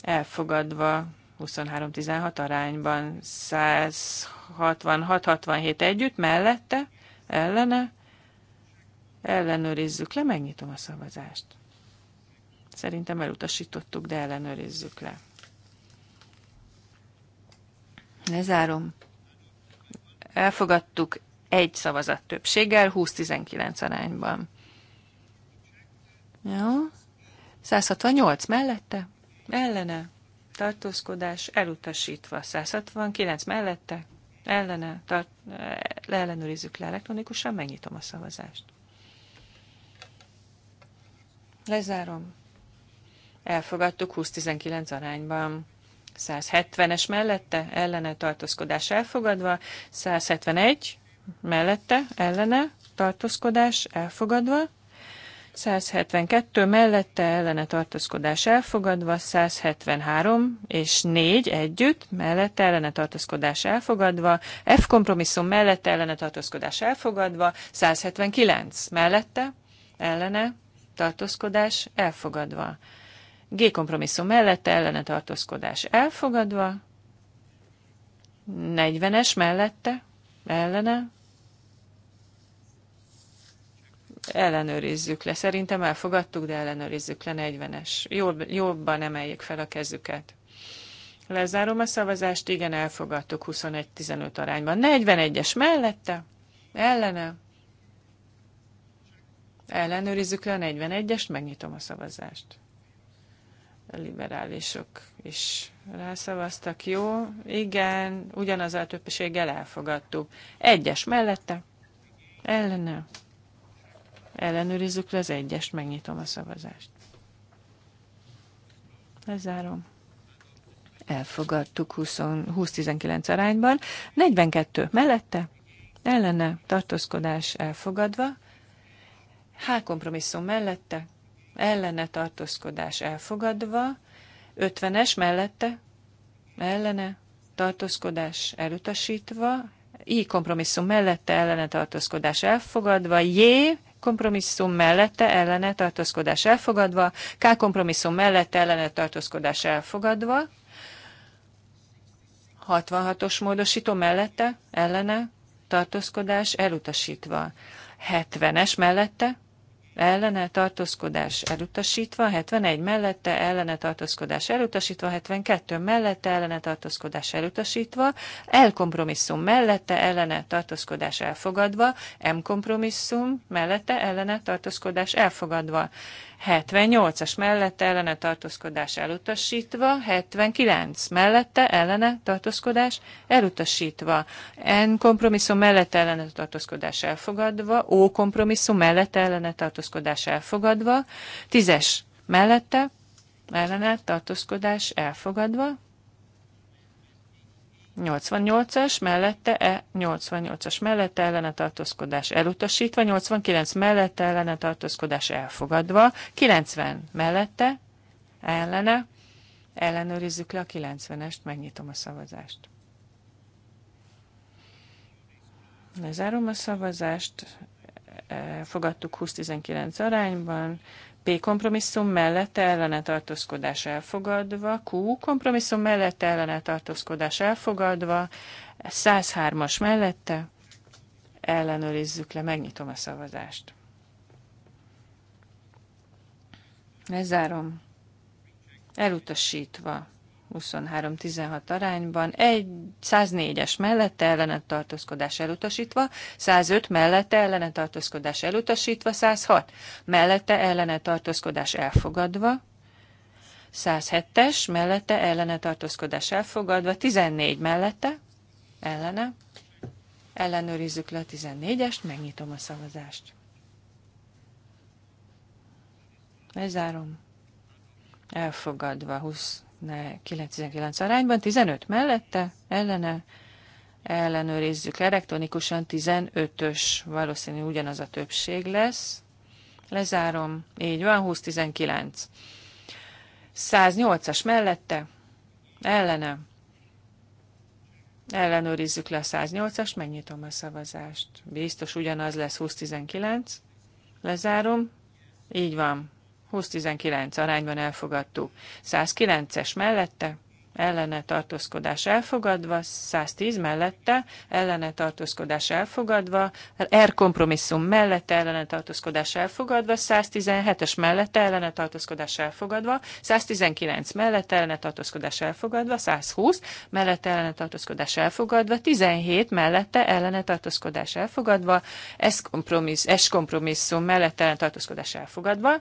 Elfogadva 23-16 arányban 166-67 együtt, mellette, ellene, ellenőrizzük le, megnyitom a szavazást. Szerintem elutasítottuk, de ellenőrizzük le. Lezárom. Elfogadtuk egy szavazat többséggel, 20-19 arányban. Jó. 168 mellette, ellene, tartózkodás, elutasítva. 169 mellette, ellene, tart, leellenőrizzük eh, le elektronikusan, megnyitom a szavazást. Lezárom elfogadtuk 20-19 arányban. 170-es mellette, ellene tartózkodás elfogadva, 171 mellette, ellene tartózkodás elfogadva, 172 mellette ellene tartózkodás elfogadva, 173 és 4 együtt mellette ellene tartózkodás elfogadva, F kompromisszum mellette ellene tartózkodás elfogadva, 179 mellette ellene tartózkodás elfogadva. G kompromisszum mellette ellene tartózkodás elfogadva, 40-es mellette ellene ellenőrizzük le. Szerintem elfogadtuk, de ellenőrizzük le 40-es. Jobb, jobban emeljék fel a kezüket. Lezárom a szavazást, igen, elfogadtuk 21-15 arányban. 41-es mellette, ellene. Ellenőrizzük le a 41-est, megnyitom a szavazást. A liberálisok is rászavaztak. Jó, igen, ugyanaz a többséggel elfogadtuk. Egyes mellette, ellene. Ellenőrizzük le az egyest, megnyitom a szavazást. Lezárom. Elfogadtuk 20-19 arányban. 42 mellette, ellene, tartózkodás elfogadva. H kompromisszum mellette, ellene tartózkodás elfogadva, 50-es mellette, ellene tartózkodás elutasítva, I kompromisszum mellette ellene tartózkodás elfogadva, J kompromisszum mellette ellene tartózkodás elfogadva, K kompromisszum mellette ellene tartózkodás elfogadva, 66-os módosító mellette ellene tartózkodás elutasítva, 70-es mellette ellene tartózkodás elutasítva, 71 mellette ellene tartózkodás elutasítva, 72 mellette ellene tartózkodás elutasítva, L kompromisszum mellette ellene tartózkodás elfogadva, M kompromisszum mellette ellene tartózkodás elfogadva. 78-as mellette ellene tartózkodás elutasítva, 79 mellette ellene tartózkodás elutasítva, N kompromisszum mellette ellene tartózkodás elfogadva, O kompromisszum mellette ellene tartózkodás elfogadva, 10-es mellette ellene tartózkodás elfogadva, 88-as mellette, e 88-as mellette ellene tartózkodás elutasítva, 89 mellette ellene tartózkodás elfogadva, 90 mellette ellene, ellenőrizzük le a 90-est, megnyitom a szavazást. Lezárom a szavazást, fogadtuk 20-19 arányban, P kompromisszum mellett ellene tartózkodás elfogadva, Q kompromisszum mellett ellene tartózkodás elfogadva, 103-as mellette ellenőrizzük le, megnyitom a szavazást. Lezárom. Elutasítva. 23-16 arányban, egy 104-es mellette ellenet tartózkodás elutasítva, 105 mellette ellenet tartózkodás elutasítva, 106 mellette ellenet tartózkodás elfogadva, 107-es mellette ellene tartózkodás elfogadva, 14 mellette ellene, ellenőrizzük le a 14-est, megnyitom a szavazást. Lezárom. Elfogadva 20 ne 99 arányban, 15 mellette, ellene, ellenőrizzük elektronikusan, 15-ös, valószínű ugyanaz a többség lesz. Lezárom, így van, 20-19. 108-as mellette, ellene, ellenőrizzük le a 108-as, megnyitom a szavazást. Biztos ugyanaz lesz 20-19, lezárom, így van, 20-19 arányban elfogadtuk. 109-es mellette ellene tartózkodás elfogadva, 110 mellette ellene tartózkodás elfogadva, R kompromisszum mellette ellene tartózkodás elfogadva, 117-es mellette ellene tartózkodás elfogadva, 119 mellette ellene tartózkodás elfogadva, 120 mellette ellene tartózkodás elfogadva, 17 mellette ellene tartózkodás elfogadva, S kompromisszum, mellette ellene tartózkodás elfogadva,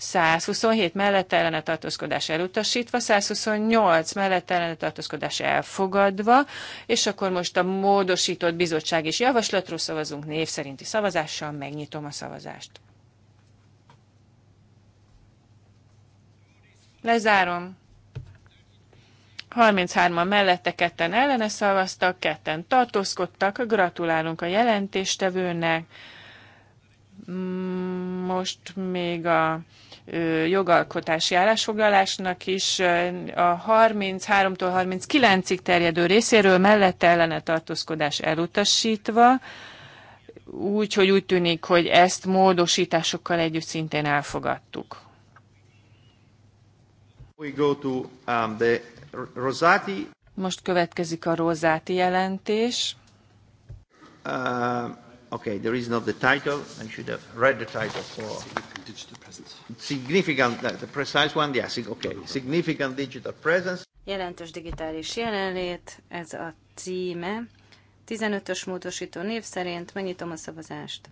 127 mellett ellene tartózkodás elutasítva, 128 mellett ellene tartózkodás elfogadva, és akkor most a módosított bizottság is javaslatról szavazunk név szerinti szavazással, megnyitom a szavazást. Lezárom. 33-an mellette ketten ellene szavaztak, ketten tartózkodtak. Gratulálunk a jelentéstevőnek. Most még a jogalkotási állásfoglalásnak is a 33-tól 39-ig terjedő részéről mellette ellene tartózkodás elutasítva, úgy, hogy úgy tűnik, hogy ezt módosításokkal együtt szintén elfogadtuk. We go to, um, the Rosati. Most következik a Rosati jelentés. Uh... Okay, there is not the title. I should have read the title for significant digital presence. Significant, the precise one, yes, okay. Significant digital presence. Jelentős digitális jelenlét, ez a címe. 15-ös módosító név szerint megnyitom a szavazást.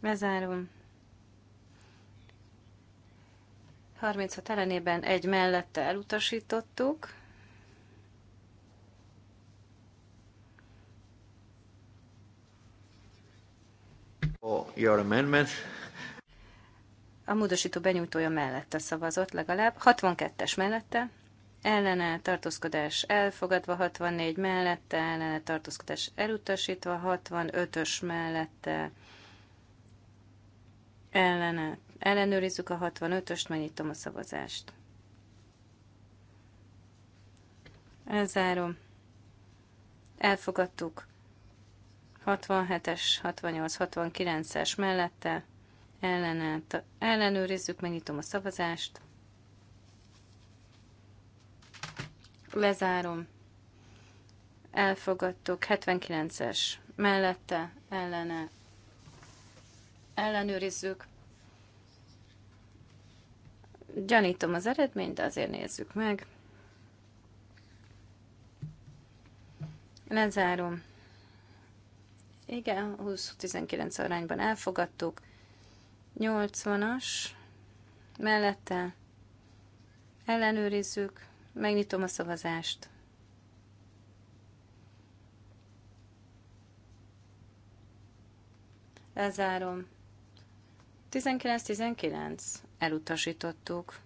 Bezárom. 36 ellenében egy mellette elutasítottuk. Oh, your amendment. A módosító benyújtója mellette szavazott legalább, 62-es mellette, ellene tartózkodás elfogadva, 64 mellette, ellene tartózkodás elutasítva, 65-ös mellette, ellene Ellenőrizzük a 65-öst, megnyitom a szavazást. Elzárom. Elfogadtuk. 67-es, 68, 69-es mellette. Ellenállt. Ellenőrizzük, megnyitom a szavazást. Lezárom. Elfogadtuk. 79-es mellette. Ellene. Ellenőrizzük. Gyanítom az eredményt, de azért nézzük meg. Lezárom. Igen, 20-19 arányban elfogadtuk. 80-as mellette ellenőrizzük, megnyitom a szavazást. Lezárom. 19-19. Elutasítottuk.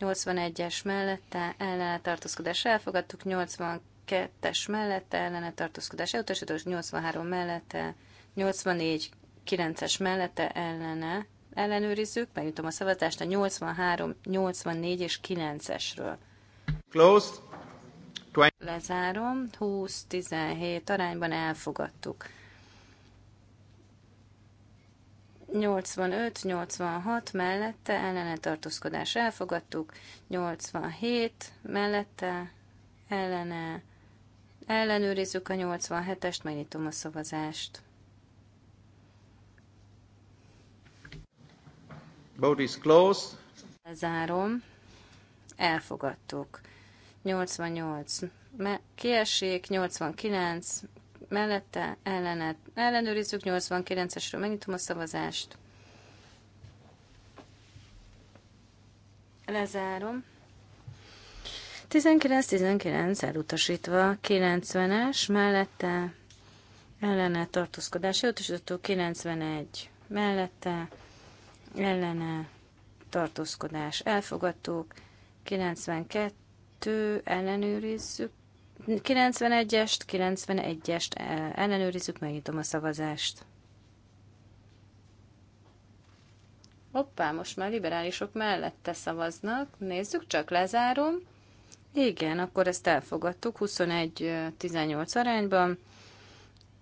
81-es mellette ellene tartózkodás elfogadtuk, 82-es mellette ellene tartózkodás elutasítottuk, 83 mellette, 84 9-es mellette ellene ellenőrizzük, megnyitom a szavazást a 83, 84 és 9-esről. Closed. Lezárom, 20-17 arányban elfogadtuk. 85-86 mellette ellene tartózkodás elfogadtuk, 87 mellette ellene ellenőrizzük a 87-est, megnyitom a szavazást. Vote is closed. Lezárom. Elfogadtuk. 88 kiesik, 89 mellette ellenet ellenőrizzük, 89-esről megnyitom a szavazást. Lezárom. 19-19 elutasítva, 90-es mellette ellene tartózkodás elutasítottó, 91 mellette ellene tartózkodás elfogadtuk, 92 ellenőrizzük, 91-est, 91-est e, ellenőrizzük, megnyitom a szavazást. Hoppá, most már liberálisok mellette szavaznak. Nézzük, csak lezárom. Igen, akkor ezt elfogadtuk 21-18 arányban.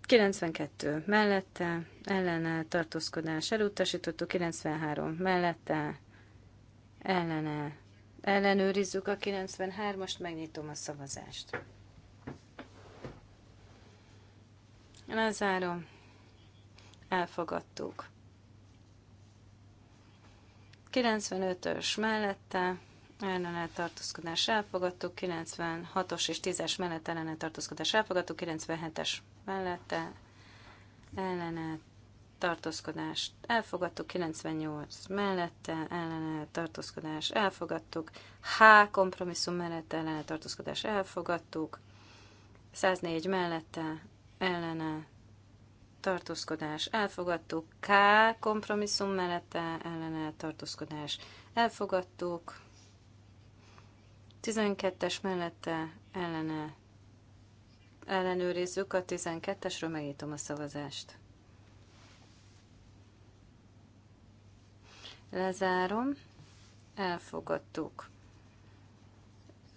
92 mellette, ellene tartózkodás elutasítottuk, 93 mellette, ellene ellenőrizzük a 93-ast, megnyitom a szavazást. Lezárom. Elfogadtuk. 95-ös mellette ellenállt tartózkodás elfogadtuk, 96-os és 10-es mellett ellenállt tartózkodás elfogadtuk, 97-es mellette ellenállt tartózkodást elfogadtuk, 98 mellette ellenállt tartózkodás elfogadtuk, H kompromisszum mellette ellenállt tartózkodás elfogadtuk, 104 mellette ellene tartózkodás elfogadtuk, K kompromisszum mellette ellene tartózkodás elfogadtuk, 12-es mellette ellene ellenőrizzük a 12-esről, megítom a szavazást. Lezárom, elfogadtuk.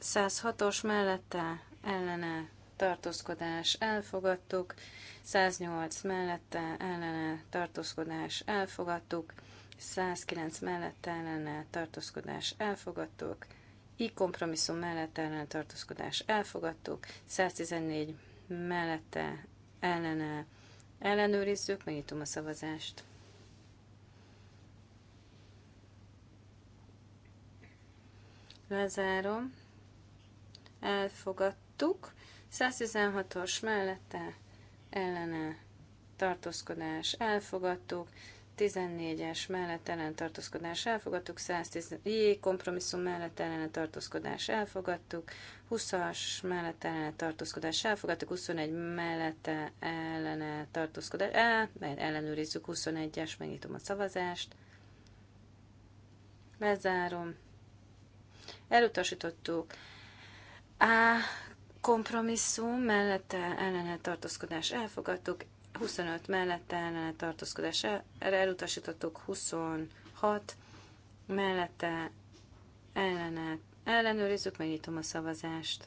106-os mellette ellene tartózkodás elfogadtuk, 108 mellette ellene tartózkodás elfogadtuk, 109 mellette ellene tartózkodás elfogadtuk, így kompromisszum mellett ellene tartózkodás elfogadtuk, 114 mellette ellene ellenőrizzük, megnyitom a szavazást. Lezárom. Elfogadtuk. 116-os mellette ellene tartózkodás elfogadtuk, 14-es mellett ellen tartózkodás elfogadtuk, 110 J kompromisszum mellett ellen tartózkodás elfogadtuk, 20-as mellett ellen tartózkodás elfogadtuk, 21 mellette ellen tartózkodás, el, mert ellenőrizzük 21-es, megnyitom a szavazást, bezárom, elutasítottuk, A kompromisszum mellette ellene tartózkodás elfogadtuk, 25 mellette ellene tartózkodás el, elutasítottuk, 26 mellette ellene ellenőrizzük, megnyitom a szavazást.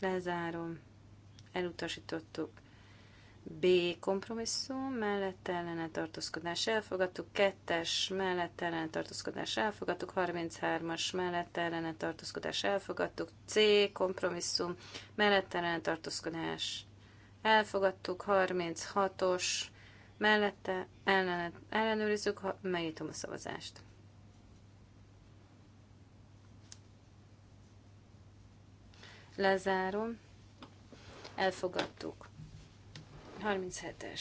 Lezárom. Elutasítottuk. B kompromisszum, mellette ellene tartózkodás elfogadtuk, 2-es mellette ellene tartózkodás elfogadtuk, 33-as mellette ellene tartózkodás elfogadtuk, C kompromisszum, mellette ellene tartózkodás elfogadtuk, 36-os mellette ellene, ellenőrizzük, ha megnyitom a szavazást. Lezárom, elfogadtuk. 37-es.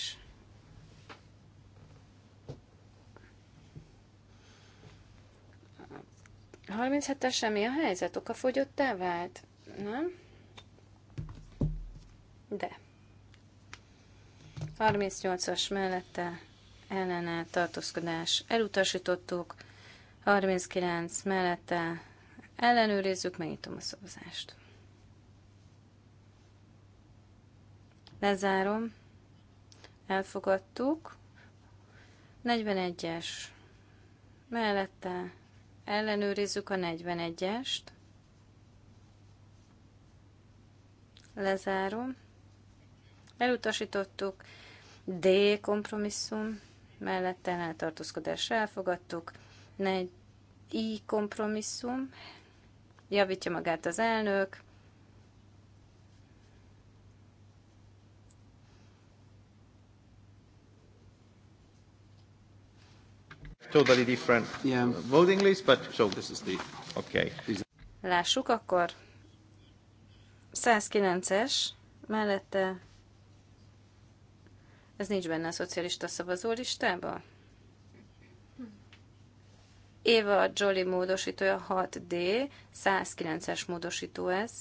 A 37-es semmi a helyzet, Oka fogyott el vált, nem? De. 38-as mellette ellenállt tartózkodás elutasítottuk, 39 mellette ellenőrizzük, megnyitom a szavazást. Lezárom elfogadtuk. 41-es mellette ellenőrizzük a 41-est. Lezárom. Elutasítottuk. D kompromisszum mellette eltartózkodás elfogadtuk. I kompromisszum. Javítja magát az elnök. totally different yeah. Uh, voting list, but so this is the... Okay. Lássuk akkor. 109-es, mellette ez nincs benne a szocialista szavazólistában? Éva a Jolly módosítója 6D, 109-es módosító ez,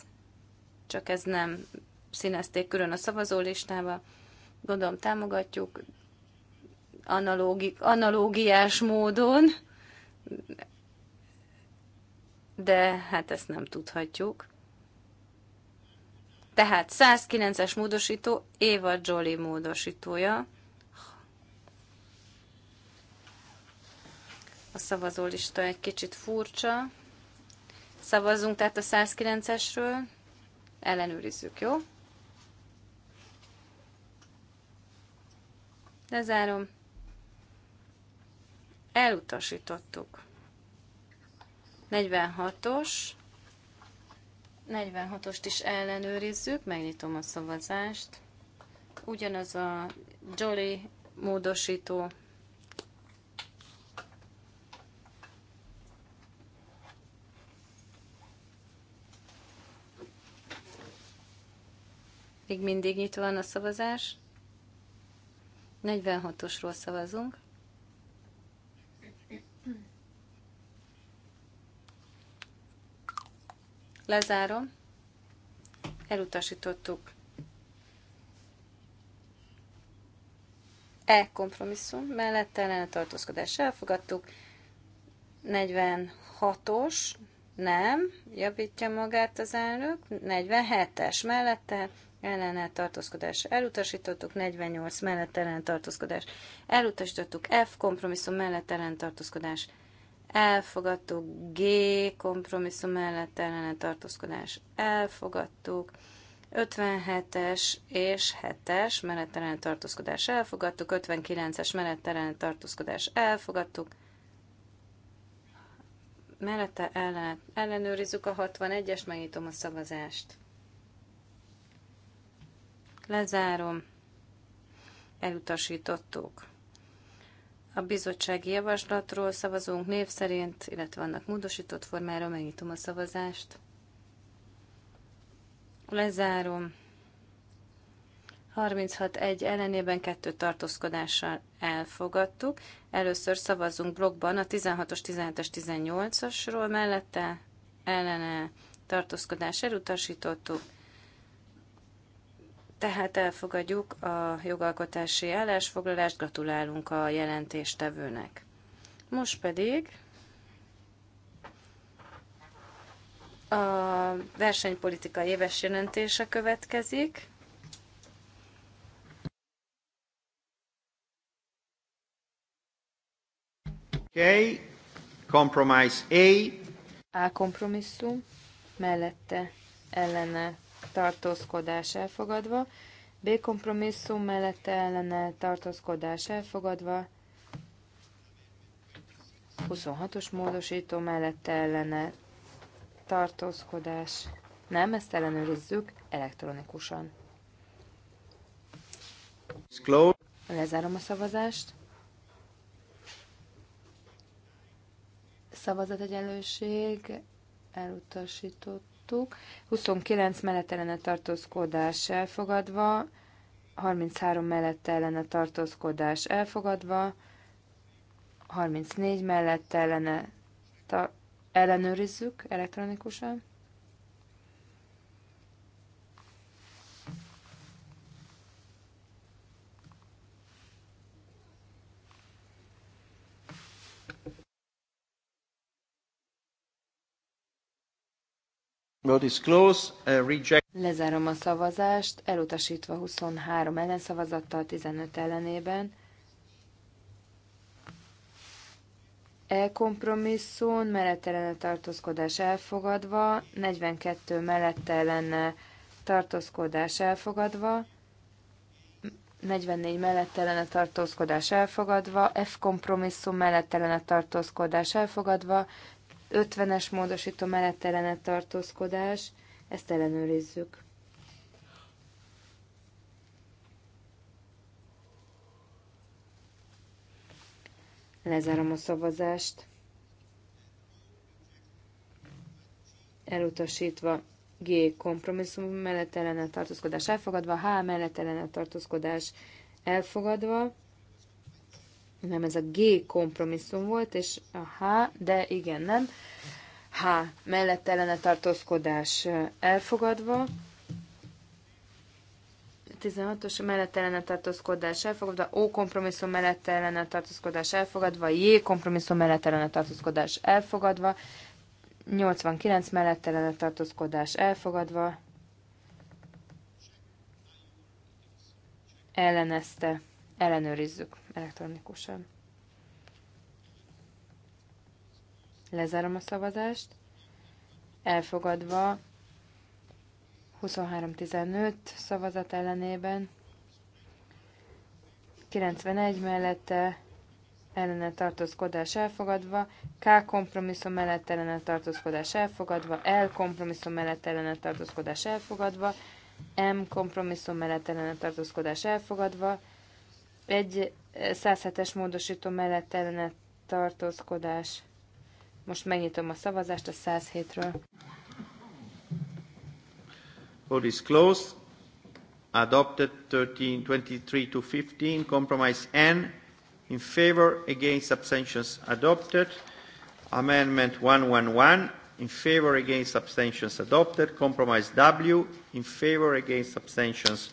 csak ez nem színezték külön a szavazólistába. Gondolom támogatjuk, analógi, analógiás módon, de hát ezt nem tudhatjuk. Tehát 109-es módosító Éva Jolly módosítója. A szavazólista egy kicsit furcsa. Szavazzunk tehát a 109-esről. Ellenőrizzük, jó? Lezárom. Elutasítottuk. 46-os. 46-ost is ellenőrizzük, megnyitom a szavazást. Ugyanaz a Jolly módosító. Még mindig nyitva van a szavazás. 46-osról szavazunk. Lezárom. Elutasítottuk. E kompromisszum mellett ellen tartózkodás elfogadtuk. 46-os, nem, javítja magát az elnök. 47-es mellette ellene tartózkodás elutasítottuk, 48 mellett ellen tartózkodás elutasítottuk, F kompromisszum mellett ellen tartózkodás elfogadtuk, G kompromisszum mellett ellene tartózkodás, elfogadtuk, 57-es és 7-es menettelen tartózkodás elfogadtuk, 59-es menettelen tartózkodás elfogadtuk, mellette ellen, ellenőrizzük a 61 es megnyitom a szavazást. Lezárom, elutasítottuk. A bizottsági javaslatról szavazunk név szerint, illetve annak módosított formára megnyitom a szavazást. Lezárom. egy, ellenében kettő tartózkodással elfogadtuk. Először szavazunk blogban a 16-os, 17-es, 18-asról mellette ellene tartózkodás elutasítottuk. Tehát elfogadjuk a jogalkotási állásfoglalást, gratulálunk a jelentéstevőnek. Most pedig a versenypolitika éves jelentése következik. Okay. Compromise A. A kompromisszum mellette ellene tartózkodás elfogadva, B kompromisszum mellett ellene tartózkodás elfogadva, 26-os módosító mellett ellene tartózkodás. Nem, ezt ellenőrizzük elektronikusan. Lezárom a szavazást. Szavazat egyenlőség elutasított elfogadtuk, 29 mellett ellene tartózkodás elfogadva, 33 mellett ellene tartózkodás elfogadva, 34 mellett ellene ta- ellenőrizzük elektronikusan. Uh, Lezárom a szavazást, elutasítva 23 ellenszavazattal, 15 ellenében. E-kompromisszón mellett ellene tartózkodás elfogadva, 42 mellette lenne tartózkodás elfogadva, 44 mellette lenne tartózkodás elfogadva, F kompromisszum mellette lenne tartózkodás elfogadva, 50-es módosító mellett ellene tartózkodás, ezt ellenőrizzük. Lezárom a szavazást. Elutasítva G kompromisszum mellett ellene tartózkodás elfogadva, H mellett ellene tartózkodás elfogadva, nem, ez a G kompromisszum volt, és a H, de igen, nem. H, mellett ellene tartózkodás elfogadva. 16-os mellett ellene tartózkodás elfogadva, O kompromisszum mellett ellene tartózkodás elfogadva, J kompromisszum mellett ellene tartózkodás elfogadva, 89 mellett ellene tartózkodás elfogadva, ellenezte Ellenőrizzük elektronikusan. Lezárom a szavazást. Elfogadva 23-15 szavazat ellenében, 91 mellette ellene tartózkodás elfogadva, K kompromisszum mellett ellene tartózkodás elfogadva, L kompromisszum mellett ellene tartózkodás elfogadva, M kompromisszum mellett ellene tartózkodás elfogadva, egy 107-es eh, módosító mellett ellene tartózkodás. Most megnyitom a szavazást a 107-ről. Vote is closed. Adopted 13, 23 to 15. Compromise N. In favor, against abstentions adopted. Amendment 111 in favor against abstentions adopted. Compromise W in favor against abstentions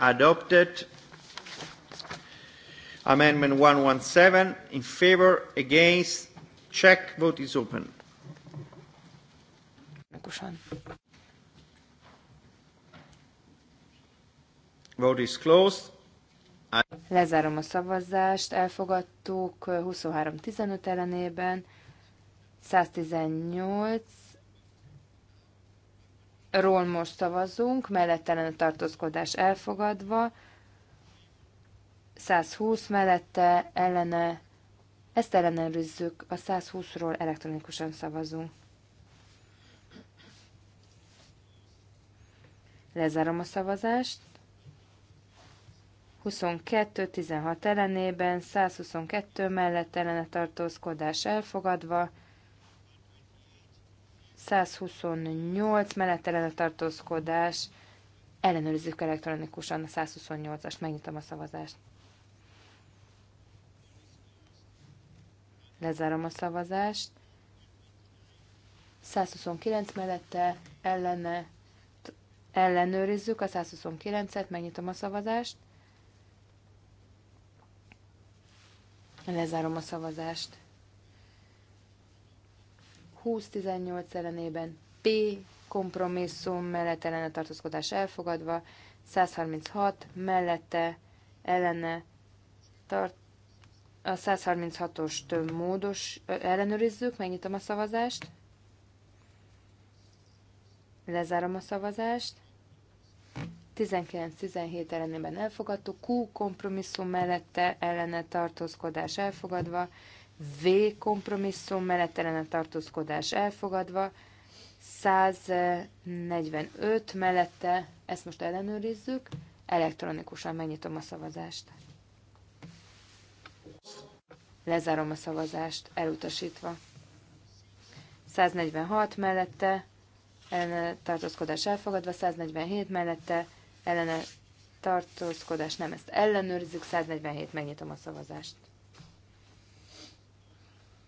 adopted. Amendment 117 in favor, against, check, vote is open. Vote is closed. Lezárom a szavazást, elfogadtuk 23-15 uh, ellenében, 118 ról most szavazunk, mellettelen a tartózkodás elfogadva, 120 mellette ellene, ezt ellenőrizzük, a 120-ról elektronikusan szavazunk. Lezárom a szavazást. 22-16 ellenében, 122 mellett ellene tartózkodás elfogadva, 128 mellett ellene tartózkodás, ellenőrizzük elektronikusan a 128-ast, megnyitom a szavazást. Lezárom a szavazást. 129 mellette ellene ellenőrizzük a 129-et, megnyitom a szavazást. Lezárom a szavazást. 20-18 ellenében P kompromisszum mellett ellene tartózkodás elfogadva, 136 mellette ellene tart a 136 több módos ellenőrizzük, megnyitom a szavazást. Lezárom a szavazást. 19-17 ellenében elfogadtuk, Q kompromisszum mellette ellene tartózkodás elfogadva, V kompromisszum mellette ellene tartózkodás elfogadva, 145 mellette, ezt most ellenőrizzük, elektronikusan megnyitom a szavazást. Lezárom a szavazást, elutasítva. 146 mellette, ellene tartózkodás elfogadva, 147 mellette, ellene tartózkodás, nem, ezt ellenőrizzük, 147, megnyitom a szavazást.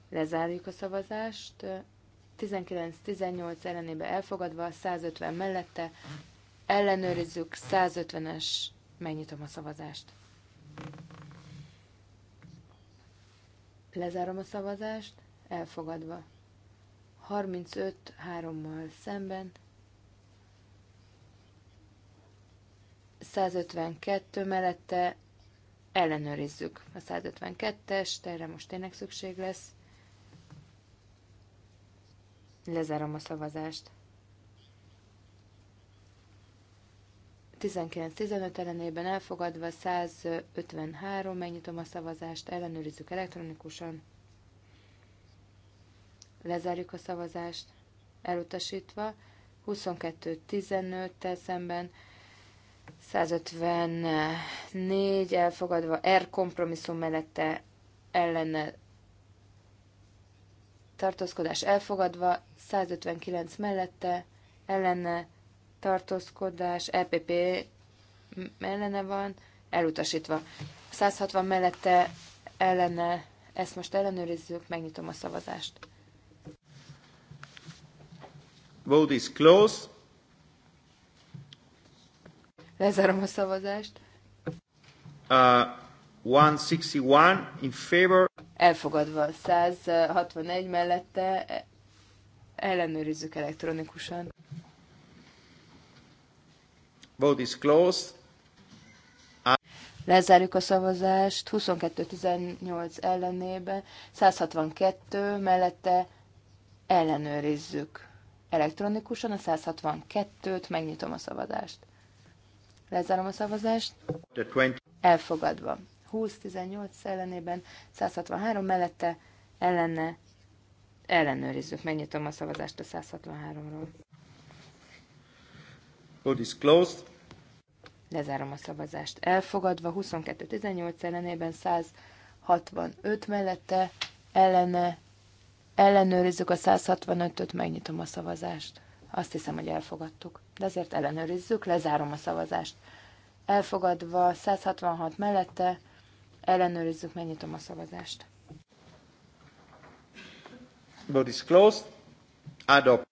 Lezárjuk a szavazást, 19-18 ellenébe elfogadva, 150 mellette, ellenőrizzük, 150-es, megnyitom a szavazást. Lezárom a szavazást, elfogadva. 35 3-mal szemben. 152 mellette ellenőrizzük a 152-est, erre most tényleg szükség lesz. Lezárom a szavazást. 19-15 ellenében elfogadva, 153, megnyitom a szavazást, ellenőrizzük elektronikusan, lezárjuk a szavazást, elutasítva, 22-15-tel szemben, 154 elfogadva, R kompromisszum mellette ellene tartózkodás elfogadva, 159 mellette ellene tartózkodás, EPP ellene van, elutasítva. 160 mellette ellene, ezt most ellenőrizzük, megnyitom a szavazást. Vote is close. Lezárom a szavazást. Uh, 161 in favor. Elfogadva 161 mellette ellenőrizzük elektronikusan. Vote is closed. Lezárjuk a szavazást 22-18 ellenében, 162 mellette ellenőrizzük. Elektronikusan a 162-t megnyitom a szavazást. Lezárom a szavazást. Elfogadva. 20-18 ellenében, 163 mellette ellene ellenőrizzük. Megnyitom a szavazást a 163-ról. Vote is closed. Lezárom a szavazást. Elfogadva 22-18 ellenében 165 mellette ellene ellenőrizzük a 165-öt, megnyitom a szavazást. Azt hiszem, hogy elfogadtuk. De azért ellenőrizzük, lezárom a szavazást. Elfogadva 166 mellette, ellenőrizzük, megnyitom a szavazást. Vote is closed. Adopt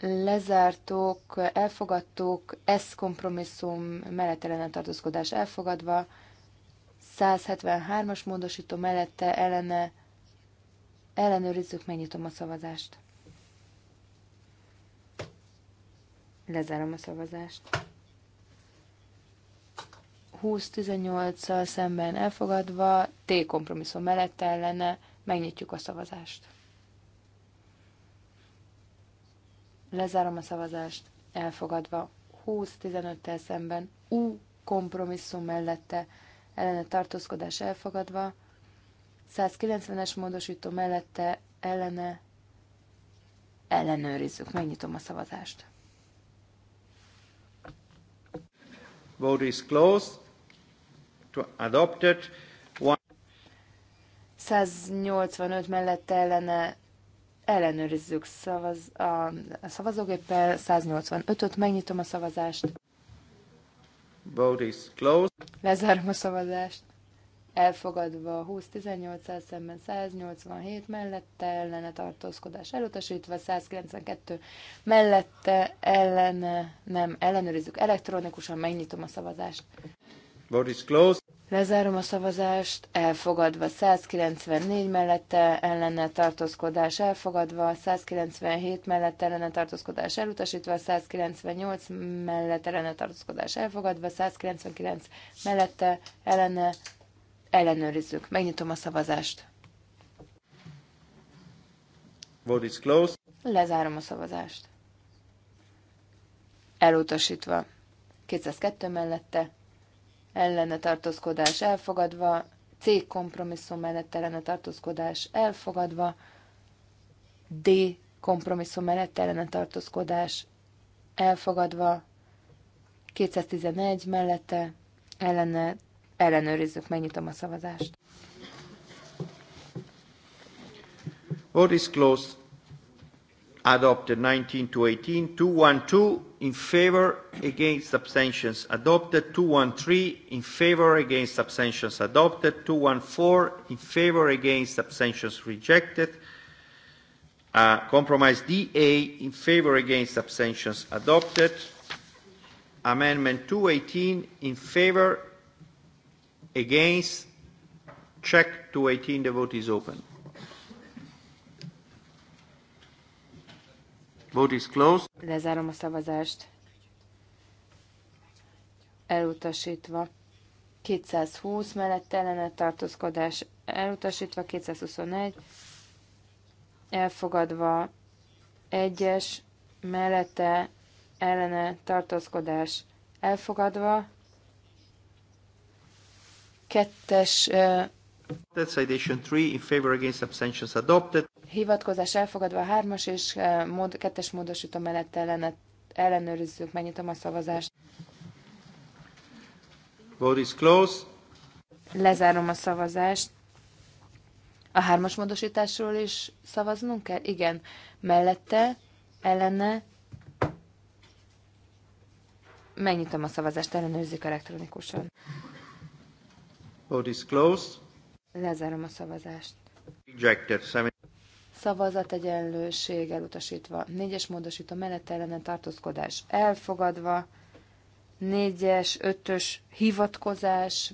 lezártuk, elfogadtuk, ez kompromisszum mellettelenen tartózkodás elfogadva, 173-as módosító mellette ellene ellenőrizzük, megnyitom a szavazást. Lezárom a szavazást. 20-18-szal szemben elfogadva, T kompromisszum mellette ellene, megnyitjuk a szavazást. Lezárom a szavazást, elfogadva 20-15-tel szemben, U kompromisszum mellette, ellene tartózkodás elfogadva, 190-es módosító mellette, ellene, ellenőrizzük, megnyitom a szavazást. Vote is closed. To adopted. One... 185 mellette ellene ellenőrizzük szavaz, a szavazógéppel 185-öt, megnyitom a szavazást. Vote is closed. Lezárom a szavazást. Elfogadva 20-18 szemben 187 mellette, ellene tartózkodás elutasítva, 192 mellette, ellene, nem, ellenőrizzük elektronikusan, megnyitom a szavazást. Vote is closed. Lezárom a szavazást, elfogadva 194 mellette ellene tartózkodás elfogadva, 197 mellette ellene tartózkodás elutasítva, 198 mellette ellene tartózkodás elfogadva, 199 mellette ellene ellenőrizzük. Megnyitom a szavazást. Vote is closed. Lezárom a szavazást. Elutasítva. 202 mellette, ellene tartózkodás elfogadva, C kompromisszum mellett ellene tartózkodás elfogadva, D kompromisszum mellett ellene tartózkodás elfogadva, 211 mellette ellene ellenőrizzük, megnyitom a szavazást. Vote is closed adopted 19 to 18 212 in favor against abstentions adopted 213 in favor against abstentions adopted 214 in favor against abstentions rejected uh, compromise DA in favor against abstentions adopted amendment 218 in favor against check 218 the vote is open Vote is closed. Lezárom a szavazást. Elutasítva. 220 mellett ellene tartózkodás elutasítva, 221 elfogadva, egyes mellette ellene tartózkodás elfogadva, Kettes. Hivatkozás elfogadva a hármas és eh, mód, kettes módosító mellett ellenet, ellenőrizzük, megnyitom a szavazást. Vote is closed. Lezárom a szavazást. A hármas módosításról is szavaznunk kell? Igen. Mellette, ellene, megnyitom a szavazást, ellenőrzik elektronikusan. Vote is closed. Lezárom a szavazást. Szavazat egyenlőség elutasítva. Négyes módosító mellett ellene tartózkodás elfogadva. Négyes, ötös hivatkozás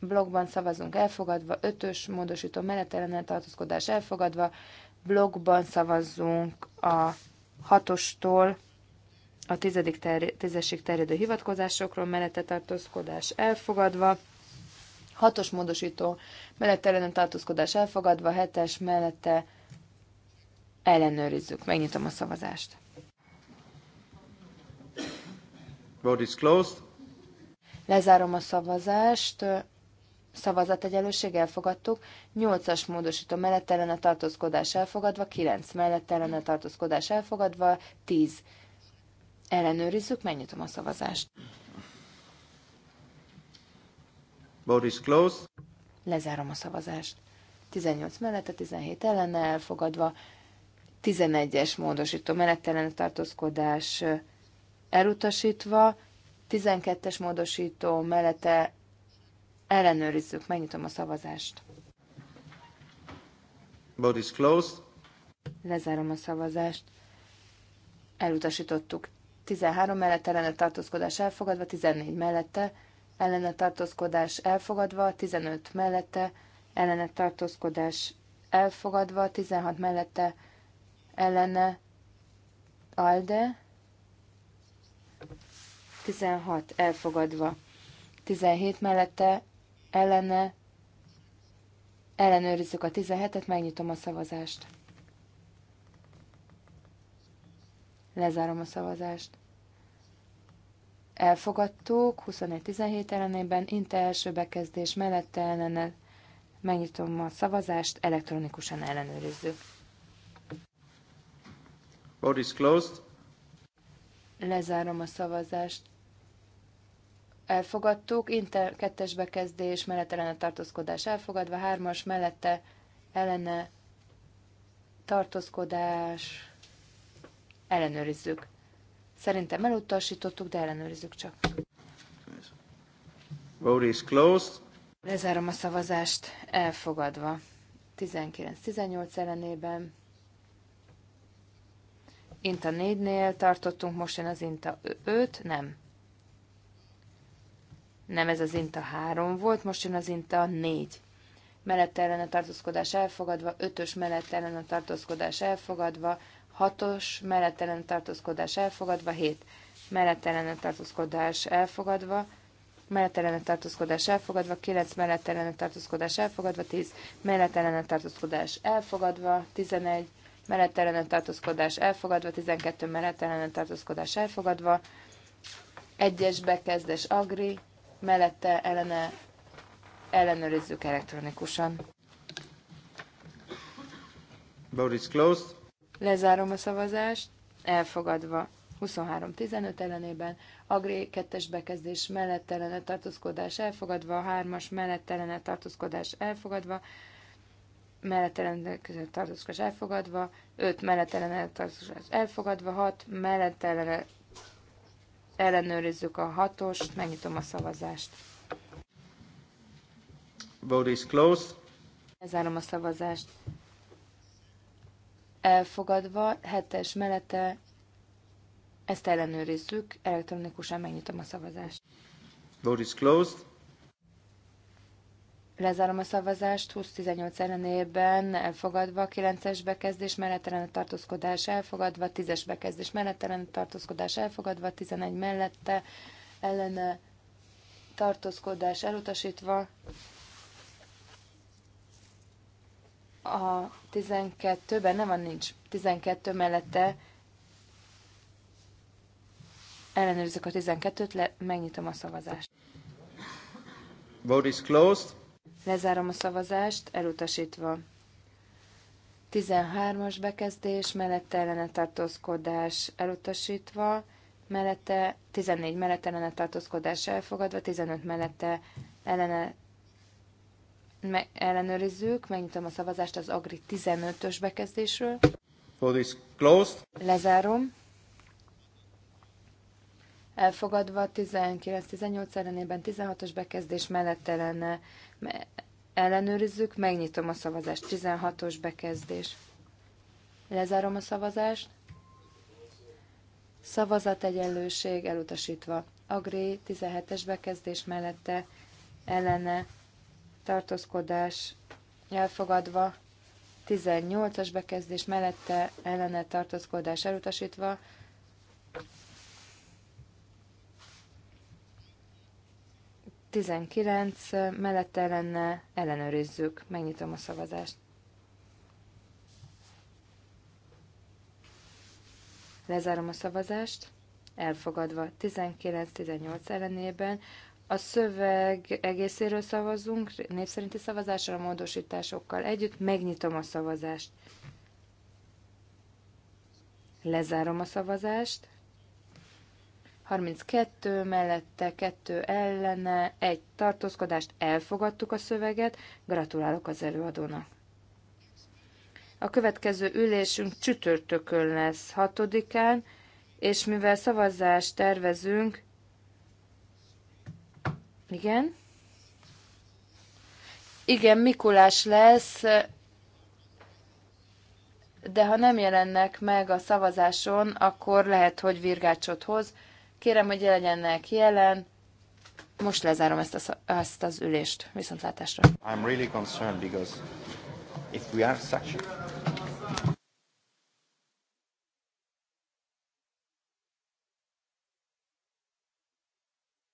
blogban szavazunk elfogadva. Ötös módosító mellett ellene tartózkodás elfogadva. Blogban szavazzunk a hatostól a tizedik ter- tízesig terjedő hivatkozásokról mellette tartózkodás elfogadva. Hatos módosító mellette ellenem tartózkodás elfogadva, hetes mellette ellenőrizzük. Megnyitom a szavazást. Vote is closed. Lezárom a szavazást. Szavazat egyenlőség elfogadtuk. 8-as módosító mellett a tartózkodás elfogadva, 9 mellett a tartózkodás elfogadva, 10. Ellenőrizzük, megnyitom a szavazást. Vote is closed. Lezárom a szavazást. 18 mellette, 17 ellene elfogadva, 11-es módosító menettelen tartózkodás elutasítva, 12-es módosító mellette ellenőrizzük, megnyitom a szavazást. Vote is closed. Lezárom a szavazást. Elutasítottuk 13 mellett ellene tartózkodás elfogadva, 14 mellette ellene tartózkodás elfogadva, 15 mellette ellene tartózkodás elfogadva, 16 mellette ellene alde, 16 elfogadva, 17 mellette ellene ellenőrizzük a 17-et, megnyitom a szavazást. Lezárom a szavazást elfogadtuk, 21-17 ellenében, inte első bekezdés mellett ellene megnyitom a szavazást, elektronikusan ellenőrizzük. Vote is closed. Lezárom a szavazást. Elfogadtuk, inter kettes bekezdés, mellett ellene tartózkodás elfogadva, hármas mellette ellene tartózkodás ellenőrizzük. Szerintem elutasítottuk, de ellenőrizzük csak. Vote is closed. Lezárom a szavazást, elfogadva. 19-18 ellenében. Inta 4-nél tartottunk, most jön az Inta 5, nem. Nem, ez az Inta 3 volt, most jön az Inta 4. Mellette ellen a tartózkodás elfogadva, 5-ös mellette ellen a tartózkodás elfogadva, 6-os mellettelen tartózkodás elfogadva, 7 mellettelen tartózkodás elfogadva, mellettelen tartózkodás elfogadva, 9 mellettelen tartózkodás elfogadva, 10 mellettelen tartózkodás elfogadva, 11 mellettelen tartózkodás elfogadva, 12 mellettelen tartózkodás elfogadva, 1-es bekezdés agri, mellette ellene ellenőrizzük elektronikusan. Vote is closed. Lezárom a szavazást, elfogadva. 23-15 ellenében, Agré 2 bekezdés mellettelene tartózkodás elfogadva, 3-as mellettelene tartózkodás elfogadva, mellettelene tartózkodás elfogadva, 5 mellettelene tartózkodás elfogadva, 6 mellettelene ellenőrizzük a 6-ost, megnyitom a szavazást. Vote is closed. Lezárom a szavazást elfogadva, hetes mellette ezt ellenőrizzük, elektronikusan megnyitom a szavazást. Vote is closed. Lezárom a szavazást, 20-18 ellenében elfogadva, 9-es bekezdés mellettelen tartózkodás elfogadva, 10-es bekezdés mellettelen tartózkodás elfogadva, 11 mellette ellene tartózkodás elutasítva, a 12-ben nem van, nincs. 12 mellette ellenőrzök a 12-t, le, megnyitom a szavazást. Vote is closed. Lezárom a szavazást, elutasítva. 13-as bekezdés, mellette ellene tartózkodás elutasítva, mellette 14 mellette ellene tartózkodás elfogadva, 15 mellette ellene ellenőrizzük, megnyitom a szavazást az Agri 15-ös bekezdésről. closed. Lezárom. Elfogadva 19-18 ellenében 16-os bekezdés mellett ellene ellenőrizzük, megnyitom a szavazást. 16-os bekezdés. Lezárom a szavazást. Szavazat egyenlőség elutasítva. Agré 17-es bekezdés mellette ellene tartózkodás elfogadva, 18-as bekezdés mellette ellene tartózkodás elutasítva, Tizenkilenc mellette lenne, ellenőrizzük, megnyitom a szavazást. Lezárom a szavazást, elfogadva 19-18 ellenében, a szöveg egészéről szavazunk, népszerinti szavazásra, a módosításokkal együtt. Megnyitom a szavazást. Lezárom a szavazást. 32 mellette, 2 ellene, egy tartózkodást, elfogadtuk a szöveget. Gratulálok az előadónak. A következő ülésünk csütörtökön lesz 6-án, és mivel szavazást tervezünk, igen. Igen, Mikulás lesz, de ha nem jelennek meg a szavazáson, akkor lehet, hogy virgácsot hoz. Kérem, hogy legyenek jelen. Most lezárom ezt, a, ezt az ülést. Viszontlátásra. I'm really concerned because if we are such